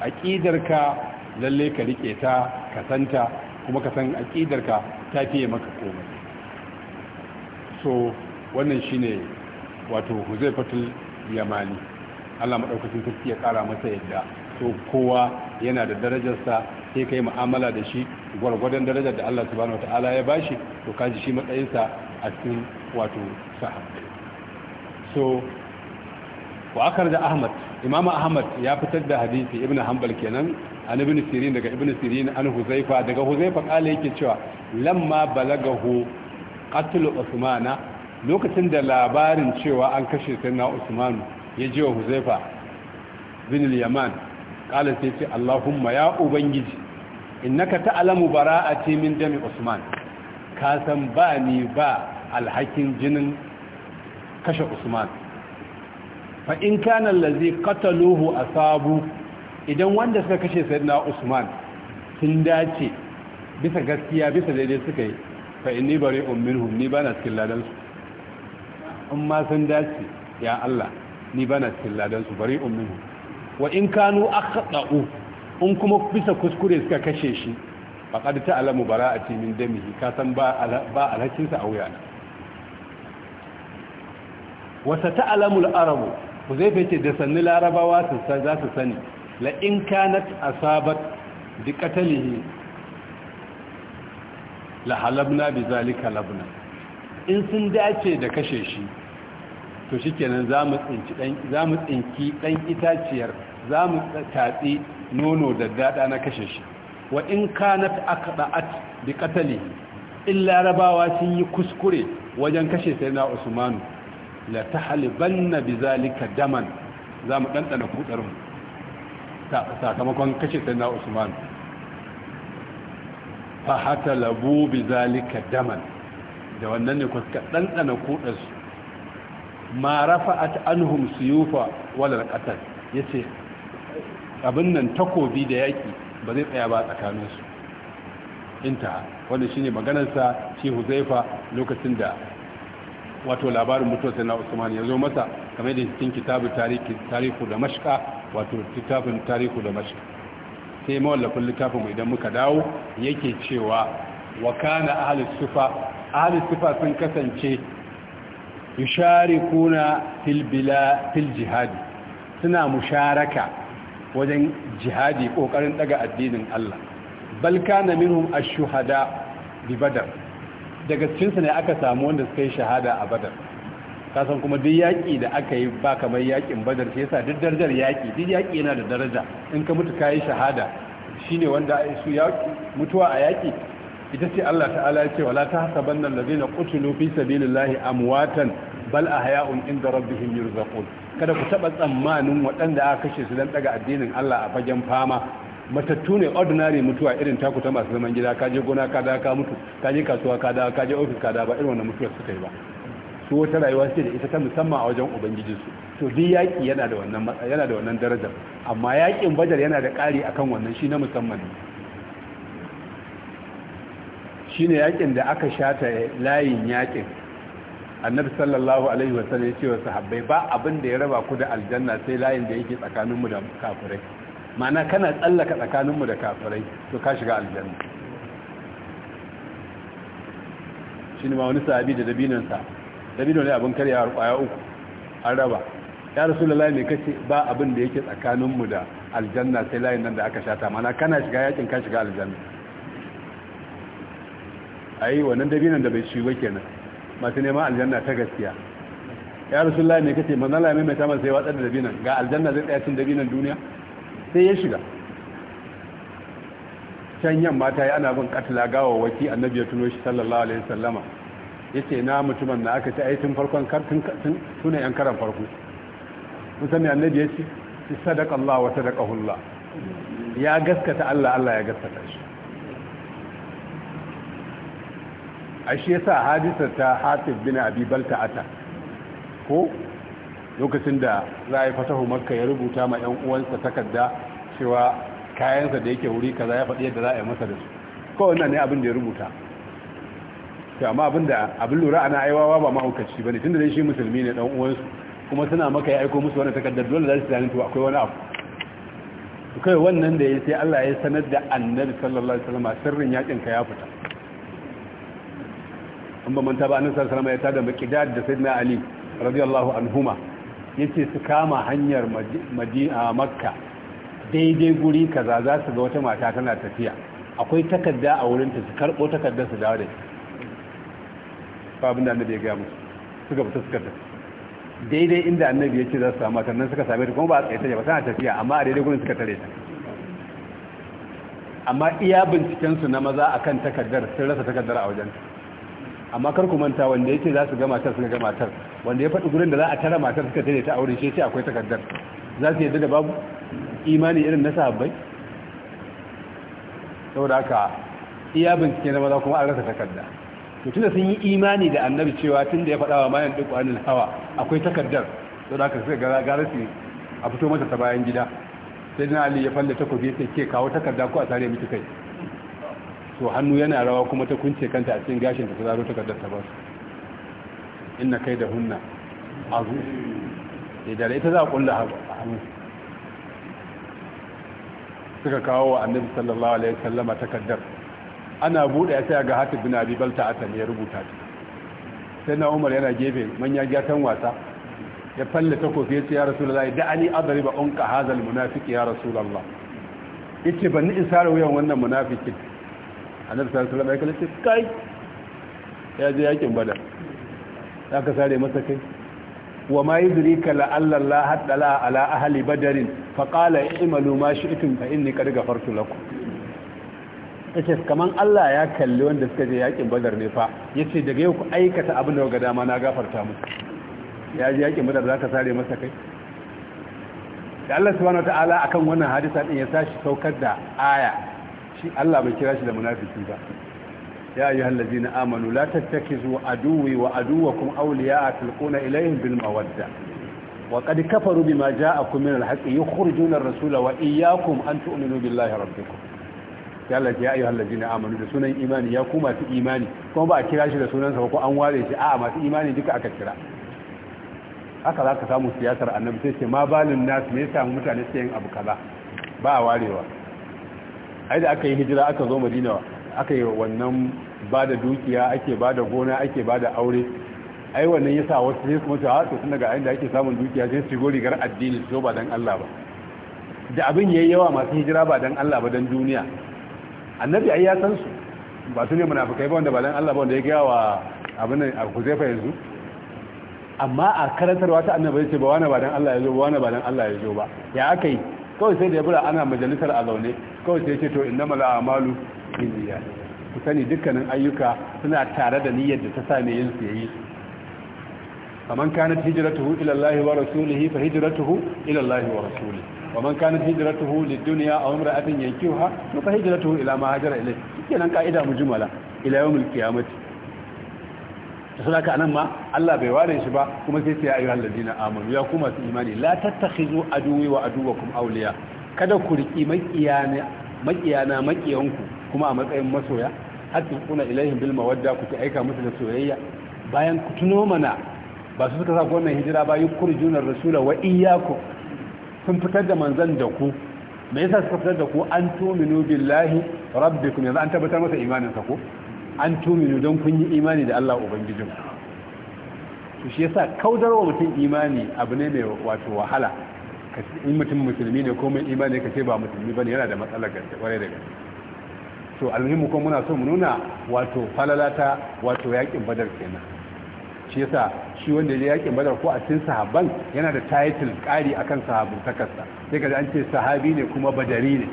aqidarka lalle ka rike ta ka santa kuma ka san aqidarka ta fiye maka komai so wannan shine wato huzaifatul yamani Allah madaukakin sarki ya kara masa yadda so kowa yana da darajarsa sai kai mu'amala da shi gwargwadon darajar da Allah subhanahu wataala ya bashi to kaji shi matsayinsa a cikin wato sahabbai so wa da ahmad imam ahmad ya fitar da hadisi ibnu hanbal kenan an ibnu sirin daga ibnu sirin an huzaifa daga huzaifa kala yake cewa lamma balagahu qatl usmana lokacin da labarin cewa an kashe sayyidina usman ya je wa huzaifa bin al-yaman kala sai ce allahumma ya ubangiji innaka ta'lamu bara'ati min dami usman ka san ba ni ba alhakin jinin kashe usman fa in kana allazi qataluhu asabu idan wanda suka kashe sayyidina usman sun dace bisa gaskiya bisa daidai suka yi fa inni bari'un minhum ni bana cikin ladan su in sun dace ya Allah ni bana cikin ladan su bari'un minhum wa in kanu akhta'u in kuma bisa kuskure suka kashe shi faqad ta'lamu bara'ati min damihi ka san ba ba alhakin sa a wuyana wa sata'lamu al-arabu ku zai fice da sannu larabawa za su sani la in kanat asabat bi qatlihi la halabna bi zalika labna in sun dace da kashe shi to shikenan za za mu tsinki ɗan itaciyar za mu tatsi nono da daɗa na kashe shi wa in kanat aqda'at bi katalihi in larabawa sun yi kuskure wajen kashe sai na usmanu la bizalika daman za mu ɗanɗana kudar sakamakon kashe sai na usman fa hata labu bizalika daman da wannan ne ku suka dandana kudar ma rafa'at anhum suyufa wala qatal yace abin nan takobi da yaƙi ba zai tsaya ba tsakaninsu inta wanda shine maganarsa shi huzaifa lokacin da wato labarin mutuwar sai na usman ya zo masa kamar da cikin kitabun tarihu da mashka wato littafin tarihu da mashka sai mawallafin littafin idan muka dawo yake cewa wa kana ahli sufa sufa sun kasance yusharikuna fil bila fil jihad suna musharaka wajen jihadi kokarin daga addinin Allah bal kana minhum ash-shuhada bi badar daga cikinsu ne aka samu wanda suka yi shahada a badar kasan kuma duk yaƙi da aka yi ba kamar yaƙin badar shi yasa duk darajar yaƙi duk yaƙi yana da daraja in ka mutu kayi shahada shine wanda ai su yaƙi mutuwa a yaƙi ita ce Allah ta'ala ya ce wala ta nan allazina qutilu fi sabilillahi amwatan bal ahya'un inda rabbihim yurzaqun kada ku taba tsammanin waɗanda aka kashe su dan daga addinin Allah a fagen fama matattu ne ordinary mutuwa irin taku ta masu zaman gida kaje gona ka da ka mutu kaje kasuwa ka da kaje ofis ka da ba irin wannan mutuwar suka yi ba su wata rayuwa ce da ita ta musamman a wajen ubangiji su to duk yaƙi yana da wannan matsayi yana da wannan darajar amma yaƙin bajar yana da ƙari akan wannan shi na musamman shine yaƙin da aka shata layin yaƙin annabi sallallahu alaihi wasallam ya ce wa sahabbai ba abin da ya raba ku da aljanna sai layin da yake tsakaninmu da kafirai mana kana tsallaka tsakaninmu da kafirai to ka shiga aljanna shi ne ma wani sahabi da dabinansa dabino ne abin karya har kwaya uku an raba ya rasu da layi ne kace ba abin da yake tsakaninmu da aljanna sai layin nan da aka shata mana kana shiga yakin ka shiga aljanna a yi wannan dabinan da bai shi ba kenan masu neman aljanna ta gaskiya ya rasu layi ne kace manzala mai mai masa sai watsar da dabinan ga aljanna zai tsaya cin dabinan duniya sai ya shiga can yamma ta yi ana bin katila waki annabi ya tuno shi sallallahu alaihi sallama ya ce na mutumin na aka ci tun farkon kartun tunan yan karan farko musamman annabi ya ce shi sadaka Allah wa sadaka hulla ya gaskata Allah Allah ya gaskata shi a shi sa hadisar ta hatib bin abi balta ata ko lokacin da za a yi fatahu makka ya rubuta ma 'yan uwansa takarda cewa kayansa da yake wuri kaza ya faɗi yadda za a yi masa da su kowanne ne abin da ya rubuta to amma abin da abin lura ana aiwawa ba mahaukaci ba ne tun da dai shi musulmi ne ɗan uwansu kuma suna maka ya aiko musu wani takardar dole za su tunanin tuwa akwai wani abu to kai wannan da ya sai Allah ya sanar da annabi sallallahu alaihi wasallam sirrin yakin ka ya fita an ba manta ba annabi sallallahu alaihi wasallam ya tada maqdad da sayyidina ali radiyallahu anhuma yace su kama hanyar makka daidai guri kaza za su ga wata mata tana tafiya akwai takarda a wurinta su karbo takardar su dawo da shi ba abin da annabi ya gaya musu suka fita suka tafi daidai inda annabi ya ce za su samu kannan suka same ta kuma ba a tsaye ta ba tana tafiya amma a daidai gurin suka tare ta amma iya binciken su na maza a kan takardar sun rasa takardar a wajen amma kar ku manta wanda ya ce za su ga matar suka ga matar wanda ya faɗi gurin da za a tara matar suka tare ta aure shi ce akwai takardar za su yadda da babu imani irin na sahabbai saboda haka iya bincike na maza kuma an rasa takarda to tunda sun yi imani da annabi cewa tun da ya faɗa wa mayan duk wani hawa akwai takardar saboda haka suka gara gara su a fito mata ta bayan gida sai dina ali ya falle takobi ya ke kawo takarda ko a sare miki kai to hannu yana rawa kuma ta kunce kanta a cikin gashin da ta zaro takardar ta ba su inna kai da hunna azu eh, da ita za a kulla hannu suka kawo wa annabi sallallahu alaihi wasallama takaddar ana bude ya sai ga hatib bin abi balta atam ya rubuta ta sai na umar yana gefe manya gatan wasa ya falle takofi ya ce ya rasulullahi da ani ba unqa hazal munafiki ya rasulullah yace ban in sare wuyan wannan munafikin annabi sallallahu alaihi wasallam ya ce kai ya je yakin badar za ka sare masa kai wa ma yudrika la allallaha haddala ala ahli badarin fa qala i'malu ma shi'tum fa inni qad ghafartu lakum yace kaman Allah ya kalli wanda suka je yakin badar ne fa yace daga yau ku aikata abin da ga dama na gafarta mu ya je yakin badar zaka sare masa kai da Allah subhanahu wataala akan wannan hadisa din ya shi saukar da aya shi Allah bai kira shi da munafiki ba يا أيها الذين آمنوا لا تتكزوا wa وعدوكم أولياء تلقون إليهم بالمودة وقد كفروا بما جاءكم من الحق يخرجون الرسول وإياكم أن تؤمنوا بالله ربكم yalla ya ayyuhal ladina amanu da sunan imani ya ku masu imani kuma ba a kira shi da sunan sa ko an ware shi a'a masu imani duka aka kira haka za ka samu siyasar annabi sai ce ma balin nas me yasa mutane sai yin abu kaza ba a warewa ai da aka yi hijira aka zo madina aka yi wannan ba da dukiya ake ba da gona ake ba da aure ai wannan yasa wasu ne kuma su hato ah, tun daga ayin da ake samun dukiya sai su gori rigar addini su ba dan Allah ba da abin yayi yawa masu hijira ba dan Allah ba dan duniya annabi ai ya san su ba su ne munafikai ba wanda ba dan Allah ba wanda ya gaya wa abin a Huzaifa yanzu amma a karantarwa ta annabi ce ba wani ba dan Allah ya zo ba wani ba dan Allah ya zo ba ya akai kawai sai da ya bura ana majalisar a zaune kawai sai ya ce to innamal a'malu ku sani dukkanin ayyuka suna tare da niyyar da ta sa mai yin su yayi faman kanat hijratuhu ila Allahi wa rasulihi fa hijratuhu ila Allahi wa rasulihi waman kanat hijratuhu lid-dunya aw imra'atin yankihuha fa hijratuhu ila ma hajara ilayhi kenan kaida mu jumala ila yawmil qiyamati saboda anan ma Allah bai ware shi ba kuma sai sai ayyuhal ladina amanu ya kuma su imani la tattakhizu aduwi wa aduwakum awliya kada ku riki makiyana makiyana makiyanku kuma a matsayin masoya hatta kuna ilaihim bil mawadda ku aika musu da soyayya bayan ku tuno mana ba su suka sa wannan hijira ba yukurjunar rasula wa iyyakum sun fitar da manzan da ku me yasa suka fitar da ku an tuminu billahi rabbikum yanzu an tabbatar masa imanin sa ko an tuminu don kun yi imani da Allah ubangijin to shi yasa kaudarwa mutum imani abu ne mai wato wahala in mutum musulmi ne ko mai imani ka ce ba musulmi bane yana da matsalar gaske kwarai da gaske to alhimu kuma muna so mu nuna wato falalata wato yakin badar kenan shi yasa shi wanda ya yakin badar ko a cikin sahabban yana da title kari akan sahabbun takarsa sai kaji an ce sahabi ne kuma badari ne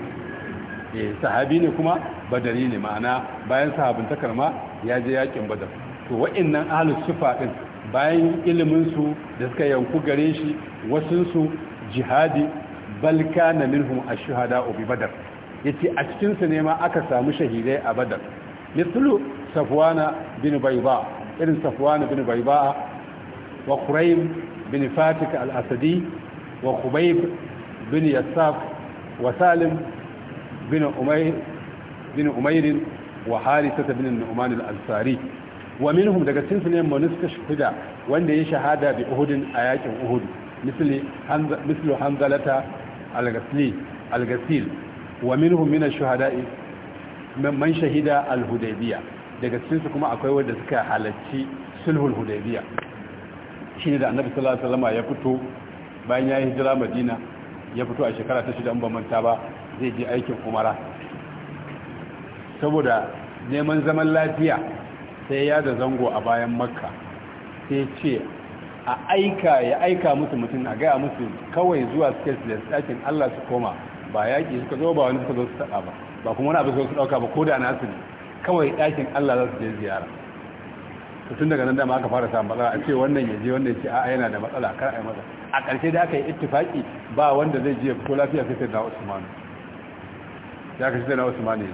eh sahabi ne kuma badari ne ma'ana bayan sahabbun takar ma ya je yakin badar to wa'annan ahlus sufa din bayan ilimin su da suka yanku gare shi wasun su jihadi bal kana minhum ash-shuhada bi badar yace a cikin ne ma aka samu shahidai a badar mithlu safwana bin irin safwana bin bayda wa quraym bin fatik al-asadi wa khubayb bin wa salim bin umayr bin umayr wa bin nu'man al-ansari wa minhum daga cikin ne manuska wanda ya shahada bi uhudin a yakin uhud misli hanzalata al-ghasli al-ghasil wa minhum min ash-shuhada'i man shahida al daga cikin su kuma akwai wanda suka halarci sulhul hudaybiyah shine da annabi sallallahu alaihi wasallam ya fito bayan ya hijira madina ya fito a shekara ta shida ba manta ba zai je aikin umara saboda neman zaman lafiya sai ya da zango a bayan makka sai ce a aika ya aika musu mutum a gaya musu kawai zuwa suke ɗakin allah su koma ba yaƙi suka zo ba wani suka zo su taɓa ba ba kuma wani abu suka su ɗauka ba ko da nasu ne kawai ɗakin Allah za su je ziyara to tun daga nan dama aka fara samun matsala a ce wannan ya je wannan ya ce a'a yana da matsala kar a yi matsala a ƙarshe da aka yi ittifaki ba wanda zai je ko lafiya sai sai na Usman ya kashi sai na Usman ya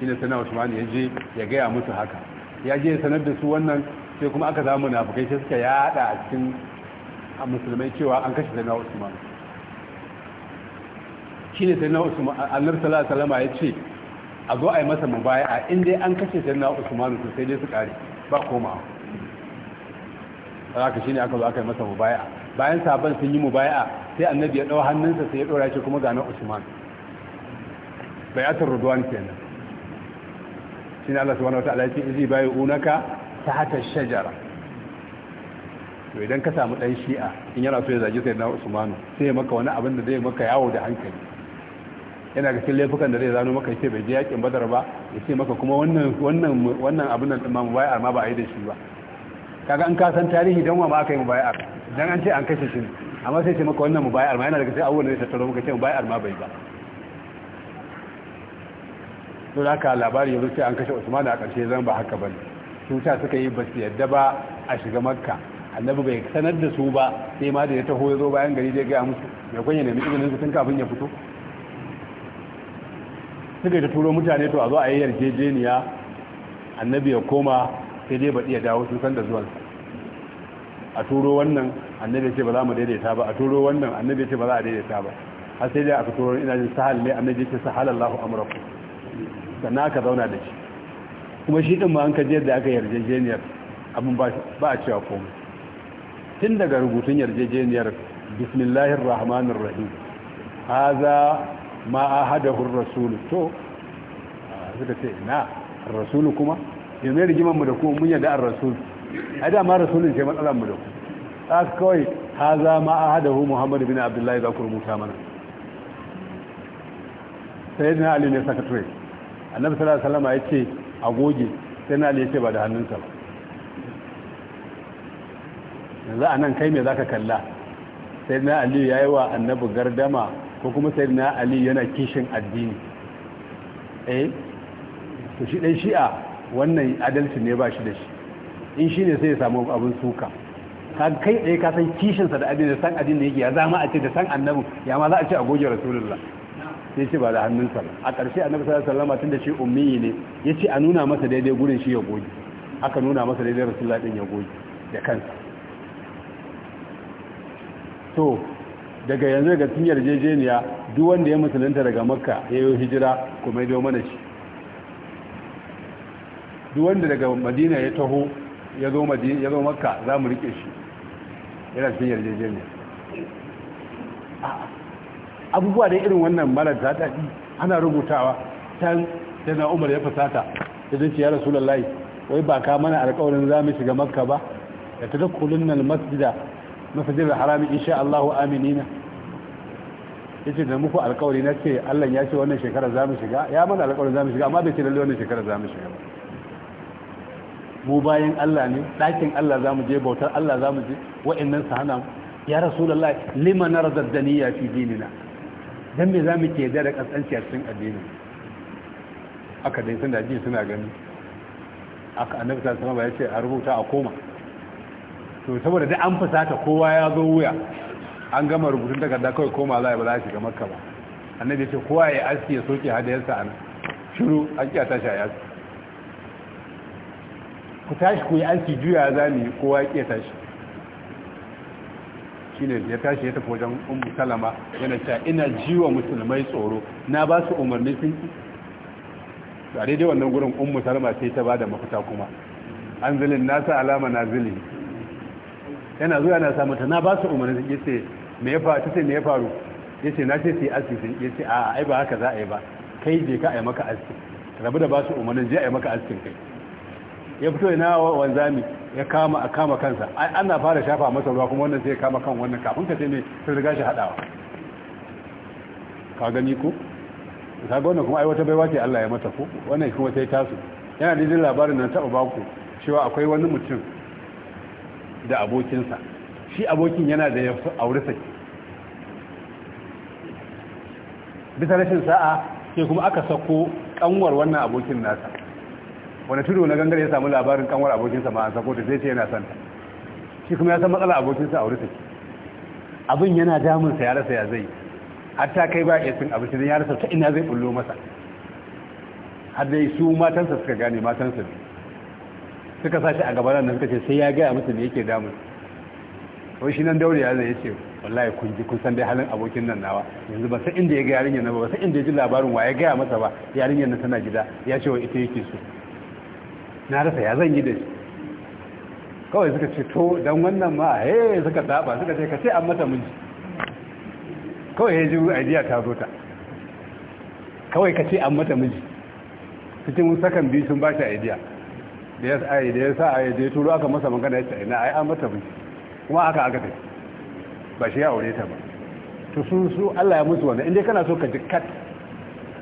ce ne sai na Usman ya je ya gaya musu haka ya je ya sanar da su wannan sai kuma aka zama munafukai sai suka yaɗa a cikin musulmai cewa an kashe sai na Usman shine sai na usman annabi sallallahu alaihi wasallam ya ce a zo a yi masa mubaya'a in dai an kashe sai na usman to sai dai su kare ba komawa haka shine aka zo aka yi masa mubaya'a bayan sabon sun yi mubaya'a sai annabi ya dau hannunsa sai ya dora shi kuma ga na usman bayatul rudwan kenan shine Allah subhanahu wataala ya ce izi bayu unaka tahta shajara to idan ka samu dan shi'a in yana so ya zagi sai na usmanu sai maka wani abin da zai maka yawo da hankali yana ga cikin laifukan da zai zano maka yace bai je yakin badar ba yace maka kuma wannan wannan wannan abin nan ma mubayar ma ba a yi da shi ba kaga an ka san tarihi dan wa ma aka yi mu mubayar dan an ce an kashe shi amma sai ce maka wannan mu mubayar ma yana daga sai awwal ne tattaro maka ce mubayar ma bai ba to haka labari yanzu sai an kashe Usman a karshe zan ba haka bane su ta suka yi basu yadda ba a shiga makka annabi bai sanar da su ba sai ma da ya taho ya zo bayan gari zai gaya musu ya ne mu izinin su tun kafin ya fito suka ta turo mutane to a zo a yi yarjejeniya annabi ya koma sai dai baɗi ya dawo sun san da zuwan a turo wannan annabi ce ba za mu daidaita ba a turo wannan annabi ce ba za a daidaita ba har sai dai aka turo ina jin sahal ne annabi ce sahal Allahu amrakum sannan aka zauna da shi kuma shi din ma an kaje da aka yarjejeniyar abin ba a cewa komai tun daga rubutun yarjejeniyar bismillahir rahmanir rahim haza ma ahadahu rasulu to suka ce na rasulu kuma yanzu ya rigiman mu da ku mun yadda ar-rasul ai da ma rasulun ce matsalan mu da ku a kawai haza ma ahadahu muhammad bin abdullahi za ku rubuta mana sayyidina ali ne secretary annabi sallallahu alaihi wasallam ya ce agoge sai na ali ya ce ba da hannunsa ba yanzu anan kai me zaka kalla sai na ali yayi wa annabi gardama ko kuma na ali yana kishin addini eh to shi dai shi'a wannan adalci ne ba shi da shi in shi ne sai ya samu abin suka ka kai dai ka san kishinsa da addini da san addini da yake ya zama a ce da san annabin ya ma za a ce a goge rasulullah sai ce ba da hannunsa a ƙarshe annabi sallallahu alaihi wasallam tunda shi ummi ne yace a nuna masa daidai gurin shi ya goge aka nuna masa daidai rasulullah din ya goge da kansa to daga yanzu ga sun yarjejeniya duk wanda ya musulunta daga makka ya yi hijira kuma ya mana shi duk wanda daga madina ya taho ya zo makka za mu rike shi yana cikin yarjejeniya abubuwa da irin wannan marar ta daɗi ana rubutawa can yana umar ya fasata da zai ya rasulallah wai ba ka mana alƙawarin za mu shiga makka ba da ta dakulun nan masjida masjidar haramun insha Allahu aminina yace da muku alƙawari na ce Allah ya ce wannan shekara za mu shiga ya mana alƙawari za mu shiga amma bai ce lalle wannan shekara za mu shiga ba mu bayan Allah ne ɗakin Allah za mu je bautar Allah za mu je wa'annan sahana ya rasulullah liman narda daniya fi dinina dan me za mu ke da kasanci a cikin addini aka dai suna ji suna gani aka annabi sallallahu alaihi wasallam ya ce a rubuta a koma to saboda duk an fusata kowa ya zo wuya an gama rubutun takarda kawai koma za a ba za a shiga makka ba annabi ce kowa ya aski ya soke hadayarsa a nan shiru an kiya tashi a yasi ku tashi ku yi aski juya za mu yi kowa ya kiya tashi shi ne ya tashi ya tafi wajen umu salama yana cewa ina jiwa musulmai tsoro na ba su umarni sun ki a daidai wannan gurin umu salama sai ta ba da mafita kuma an zilin nasa alama na zilin yana zuwa na samunta na ba su umarni sun ki sai me ya faru sai me ya faru yace na ce sai asisi yace a ai ba haka za a yi ba kai je ka ai maka asisi rabu da ba su umarnin je ai maka asisin kai ya fito ina wanzami ya kama a kama kansa ai ana fara shafa masa ruwa kuma wannan sai kama kan wannan kafin ka sai me sai riga shi hadawa ka gani ko ka ga wannan kuma ai wata baiwa ce Allah ya mata ko wannan kuma sai tasu yana da labarin nan ta baku cewa akwai wani mutum da abokinsa shi abokin yana da ya aure saki bisa rashin sa'a ke kuma aka sako kanwar wannan abokin nasa wani tudu na gangar ya samu labarin kanwar abokinsa ma a sako da zai ce yana son shi kuma ya san matsala abokinsa aure saki abin yana damunsa ya rasa ya zai hatta kai ba yasin sun abinci don ya rasa ta ina zai bullo masa har dai su matansa suka gane matansa suka sashi a gabanar nan suka ce sai ya gaya musu da yake damunsa wai shi nan daure ya zai ce wallahi kun ji kun san dai halin abokin nan nawa yanzu ba san inda ya ga yarinyar nan ba san inda ya ji labarin wa ya gaya masa ba yarinyar nan tana gida ya ce wa ita yake so na rasa ya zan yi da shi kawai suka ce to don wannan ma he eh, suka saba suka ce ka ce an mata miji kawai ya ji idea ta zo ta kawai ka ce an mata miji cikin sakan biyu sun ba shi idea da ya sa da ya sa ya je turo aka masa magana ya ce ina ai an mata miji kuma aka aka kai ba shi ya aure ta ba to su su Allah ya mutu wanda inda kana so ka ji kat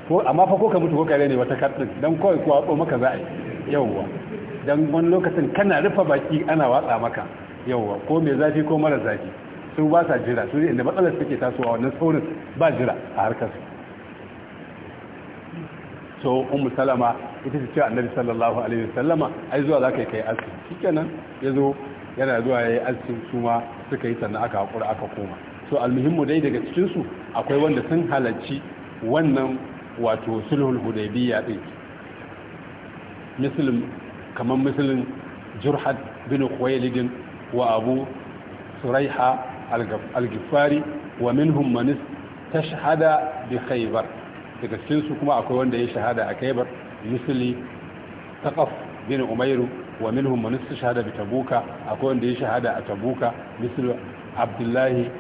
ko amma fa ko ka mutu ko kare ne wata kat din dan kawai kuwa ko maka za a yawwa dan wani lokacin kana rufa baki ana watsa maka yawwa ko mai zafi ko mara zafi su ba sa jira su inda matsalar suke tasowa wannan saurin ba jira a harkar su so ummu salama ita ce annabi sallallahu alaihi wasallama ai zuwa zakai kai aski shikenan yazo yana zuwa ya yi askin su suka yi sannan aka haƙura aka koma so almuhimmu dai daga cikinsu akwai wanda sun halarci wannan wato sulhul hudaybiya din muslim kamar muslim jurhad bin khuwaylid wa abu suraiha al-gifari wa minhum man tashhada bi khaybar daga cikinsu kuma akwai wanda ya shahada a khaybar ta taqaf bin umairu wa minhum man istashhada bi tabuka akwai wanda ya shahada a tabuka misal abdullahi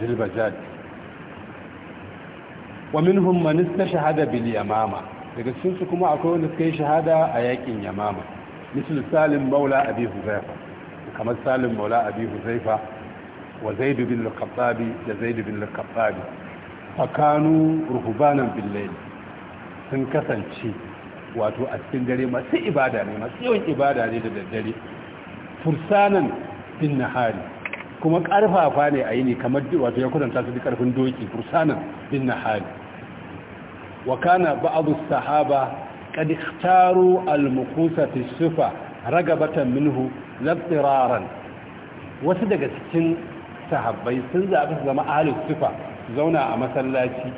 zilbajad wa minhum daga cikin su kuma akwai wanda suka yi shahada a yakin yamama misal salim maula abi huzaifa kamar salim maula abi huzaifa wa zaid bin al-qattabi da zaid bin al-qattabi fakanu ruhbanan bil layl sun kasance wato a cikin dare masu ibada ne masu yawan ibada ne da daddare fursanan bin nahari kuma karfafa ne a yi ne kamar wato ya kudanta su karfin doki fursanan bin nahari wa kana ba'adu sahaba kad ikhtaru al-muqusa fi shifa ragabatan minhu labtiraran wasu daga cikin sahabbai sun zaɓi su zama ahlus sifa zauna a masallaci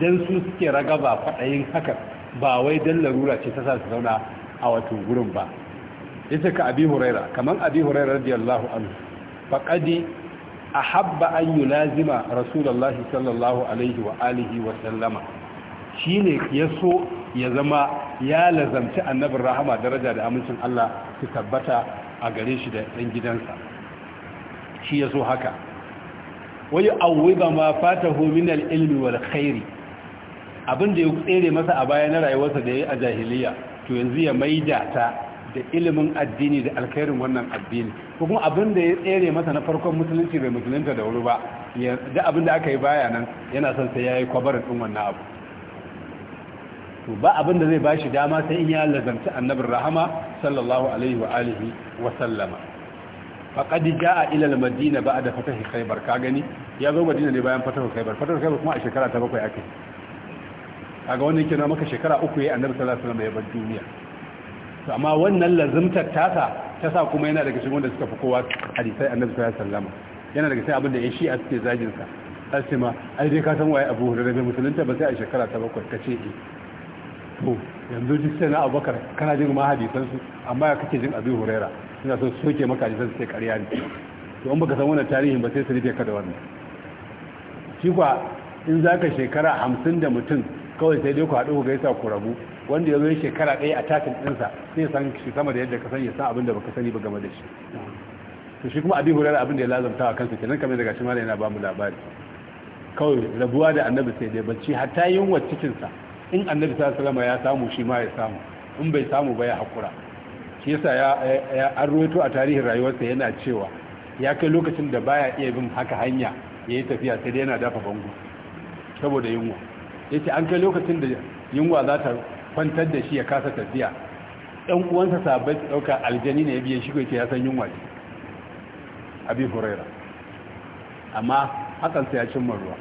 dan su suke ragaba faɗayin haka ba wai dan larura ce ta sa su zauna a wato gurin ba yace ka abi huraira kaman abi huraira radiyallahu anhu faqadi ahabba an yulazima rasulullahi sallallahu alaihi wa alihi wa sallama shine yaso ya zama ya lazamci annabin rahama daraja da amincin Allah su tabbata a gare shi da ɗan gidansa shi yaso haka wai awwiba ma fatahu min al-ilmi wal khairi abin da ya tsere masa a baya na rayuwarsa da ya yi a jahiliya to yanzu ya maida ta da ilimin addini da alkhairin wannan addini ko kuma abin da ya tsere masa na farkon musulunci bai musulunta da wuri ba da abin da aka yi baya nan yana son sai ya yi kwabarin ɗin wannan abu to ba abin da zai ba shi dama sai in ya lazamci annabin rahama sallallahu alaihi wa alihi wa sallama faqad jaa ila al-madina ba'da fatahi khaybar ka gani ya zo madina ne bayan fatahi khaybar fatahi khaybar kuma a shekara ta bakwai ake kaga wannan kina maka shekara uku yayin annabi sallallahu alaihi wasallam ya bar duniya to amma wannan lazimtar tasa ta sa kuma yana daga cikin wanda suka fi kowa hadisai annabi sallallahu alaihi wasallam yana daga cikin abin da ya shi a cikin zagin sa sai ma ai dai ka san waye Abu Hurairah bai musulunta ba sai a shekara ta bakwai kace eh to yanzu duk sai na Abubakar kana jin ma hadisan su amma ya kake jin Abu Hurairah suna so soke maka hadisan su sai ƙarya ne to an baka san wannan tarihin ba sai sai ka da wannan shi kwa in zaka shekara 50 da mutum kawai sai dai ku haɗu ku yasa ku rabu wanda ya zo shekara ɗaya a tatin ɗinsa sai san shi sama da yadda ka sani ya san abin da baka sani ba game da shi to shi kuma abin hurar abin da ya lazamta a kansa kenan kamar daga shi ma yana ba mu labari kawai rabuwa da annabi sai dai bacci hatta yunwa sa in annabi sallallahu ya samu shi ma ya samu in bai samu ba ya hakura shi yasa ya an ruwaito a tarihin rayuwarsa yana cewa ya kai lokacin da baya iya bin haka hanya ya yi tafiya sai dai yana dafa bango saboda yunwa ce an kai lokacin da yunwa za ta kwantar da shi ya kasa tafiya ɗan uwansa sabai ɗauka aljani ne ya biya shi ko yasan ya san yunwa ce abi huraira amma hakan sai ya cimma ruwa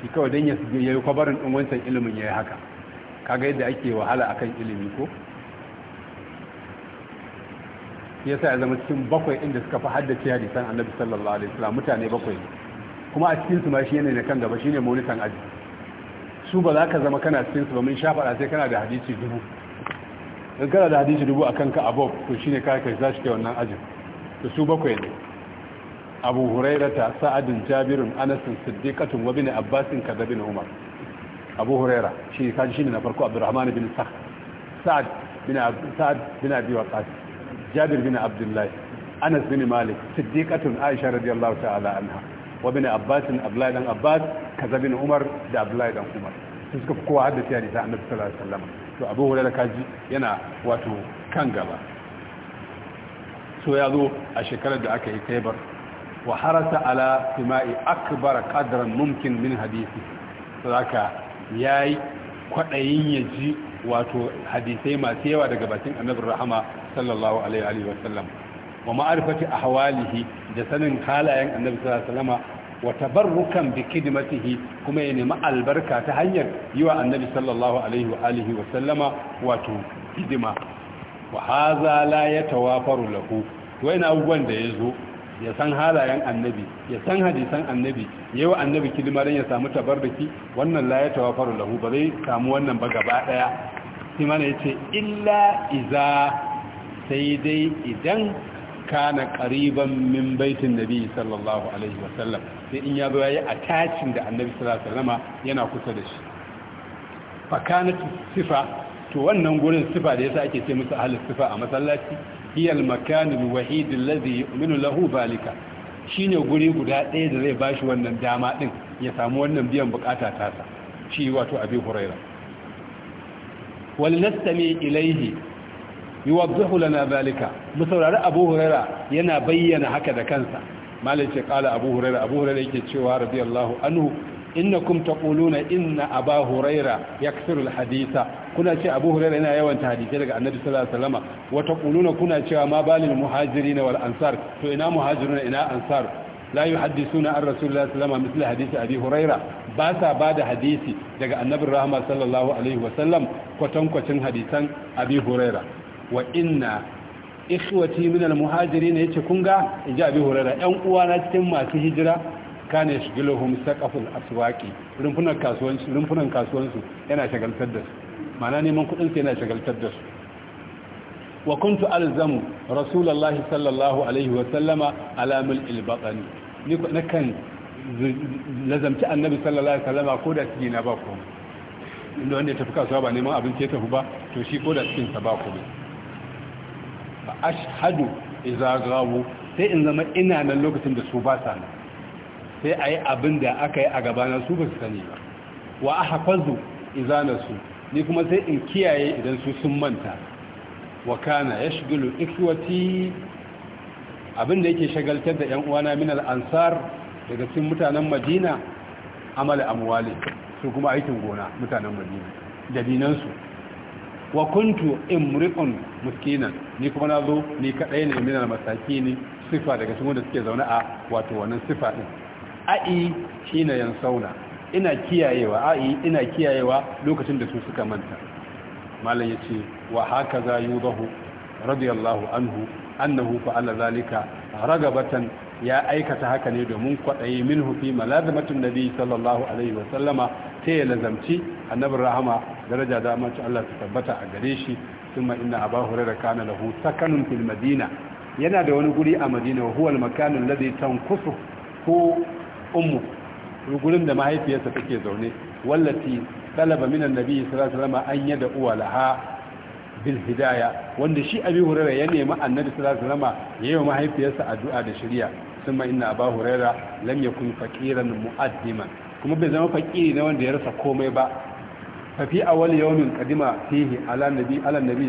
shi kawai don ya yi kwabarin ɗin wancan ilimin ya yi haka kaga yadda ake wahala akan ilimi ko ya sa ya zama cikin bakwai inda suka fi haddace hadisan annabi sallallahu alaihi wasallam mutane bakwai kuma a cikin ma shi ne kan gaba shine maulitan aji su ba za ka zama kana cikin su ba mun shafaɗa sai kana da hadisi dubu in kana da hadisi dubu a kanka abob to shine ka kai za shi ke wannan ajin to su bakwai ne abu hurairata sa'adin jabirin anasin siddiqatun wa bin abbasin kaza bin umar abu huraira shi ka shi shine na farko abdurrahman bin sa'ad bin sa'ad bin abi waqas jabir bin abdullah anas bin malik siddiqatun aisha radiyallahu ta'ala anha wa bin abdullahi dan abbas kaza bin umar da abdullahi dan umar su suka fi kowa haddace ta annabi sallallahu alaihi wasallam to abu hurairah kaji yana wato kan gaba so ya zo a shekarar da aka yi taibar wa harasa ala sima'i akbar qadran mumkin min hadisi yi yayi ya ji wato hadisai masu yawa daga bakin annabi rahama sallallahu alaihi wa sallam wa ma'arifati ahwalihi da sanin halayen annabi sallallahu alaihi wasallam wa tabarrukan bi kidmatihi kuma ya nemi albarka ta hanyar yi wa annabi sallallahu alaihi wa alihi wa sallama wato hidima wa hadha la yatawafaru lahu waina abubuwan da yazo ya san halayen annabi ya san hadisan annabi yayi wa annabi kidima dan ya samu tabarruki wannan la yatawafaru lahu ba zai samu wannan ba gaba daya sai mana yace illa iza sai dai idan kana qariban min baitin nabi sallallahu alaihi wasallam sai in ya yayi attachin da annabi sallallahu alaihi wasallama yana kusa da shi fa sifa to wannan gurin sifa da yasa ake ce musu ahli sifa a masallaci hiyal makanul wahid alladhi yu'minu lahu balika shine guri guda ɗaya da zai bashi wannan dama din ya samu wannan biyan bukata tasa shi wato abi huraira wal nastami ilaihi yuwaddihu lana zalika mu saurari abu huraira yana bayyana haka da kansa malai kala abu huraira abu huraira yake cewa radiyallahu anhu innakum taquluna inna aba huraira kuna ce abu huraira yana yawan hadisi daga annabi sallallahu alaihi wasallam wa taquluna kuna cewa ma balil muhajirin wal ansar to ina muhajirun ina ansar la an rasulillahi sallallahu alaihi wasallam mithla hadisi abi huraira ba sa da hadisi daga annabi rahama sallallahu alaihi wasallam kwatankwacin hadisan abi huraira wa inna ikhwati min almuhajirin yace kun ga inji bi hurara ɗan uwana cikin masu hijira kana yashghiluhum saqaful aswaqi rumfunan kasuwanci rumfunan kasuwansu yana shagaltar da su ma'ana neman kudin su yana shagaltar da su wa kuntu alzamu rasulullahi sallallahu alaihi wa sallama ala mil'il batani ni nakan lazamci annabi sallallahu alaihi wa sallama ko da ciki na ba komai inda wanda ya tafi kasuwa ba neman abinci ya tafi ba to shi ko da cikin sa ba komai fa ashhadu idza gabu sai in zama ina nan lokacin da su ba sa nan sai ayi abin da aka yi a gabana su ba su sani ba wa ahfazu idza nasu ni kuma sai in kiyaye idan su sun manta wa kana shigilu ikwati abin da yake shagaltar da yan uwana min al-ansar daga cikin mutanen Madina amal amwali su kuma aikin gona mutanen Madina dabinansu wa kuntu imri'un miskinan ni kuma na zo ni kadai ne masaki ne sifa daga cikin wanda suke zaune a wato wannan sifa ɗin ai shine yan sauna ina kiyayewa ai ina kiyayewa lokacin da su suka manta malam yace wa yi yudahu radiyallahu anhu annahu fa'ala zalika ragabatan ya aikata haka ne domin kwaɗayi min hufi malazimatun nabi sallallahu alaihi wasallama ta ya lazamci annabin rahama daraja da amince Allah ta tabbata a gare shi thumma inna abu hurairah kana lahu sakanun fil madina yana da wani guri a madina huwa al makan alladhi tankusu ko ummu gurin da mahaifiyarsa take zaune wallati talaba min annabi sallallahu alaihi wasallam an yada uwa laha bil hidaya wanda shi abi hurairah ya nemi annabi sallallahu alaihi wasallam yayi wa mahaifiyarsa addu'a da shari'a thumma inna abu hurairah lam yakun faqiran mu'addiman kuma bai zama fakiri na wanda ya rasa komai ba fafi a wani yawon kadima fihi alan nabi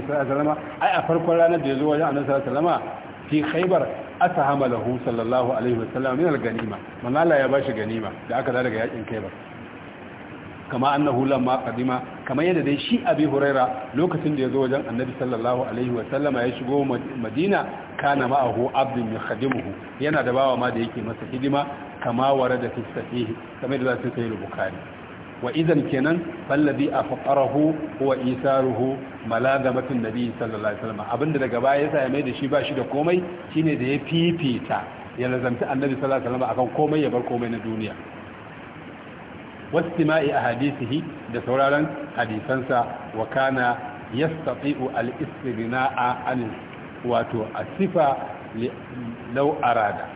sallallahu alaihi wasallam ai farkon ranar da ya zo wajen annabi sallallahu alaihi fi khaybar asahama lahu sallallahu alaihi wasallam min al-ganima man Allah ya bashi ganima da aka daga yakin khaybar kama annahu lamma qadima kama yadda dai shi abi huraira lokacin da ya zo wajen annabi sallallahu alaihi wasallama ya shigo madina kana ma'ahu abdun min khadimuhu yana da bawa ma da yake masa hidima kama warada fi sahih kamar da zai sai bukhari wa idan kenan fallabi a faƙarahu wa isaruhu malagamatun nabi sallallahu alaihi wasallam abinda daga baya yasa ya mai da shi ba shi da komai shine da ya fifita ya lazanta annabi sallallahu alaihi wasallam akan komai ya bar komai na duniya wastima'i ahadisihi da sauraron hadisansa wa kana yastati'u al-istighna'a an wato asifa law arada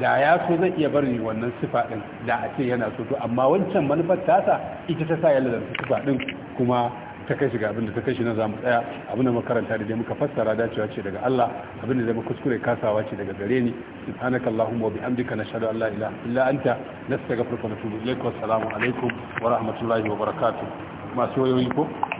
da ya so zai iya barin wannan sifa din da a ce yana so amma wancan manufar tasa ita ta sa ya lalata sifa din kuma ta kai shiga abinda ta kai shi na zamu tsaya abinda makaranta da dai muka fassara dacewa ce daga Allah abinda zai muka kuskure kasawa ce daga gare ni subhanakallahumma wa bihamdika nashhadu an la ilaha illa anta nastaghfiruka wa natubu ilaik wa assalamu alaikum wa rahmatullahi wa barakatuh masu wayoyi ko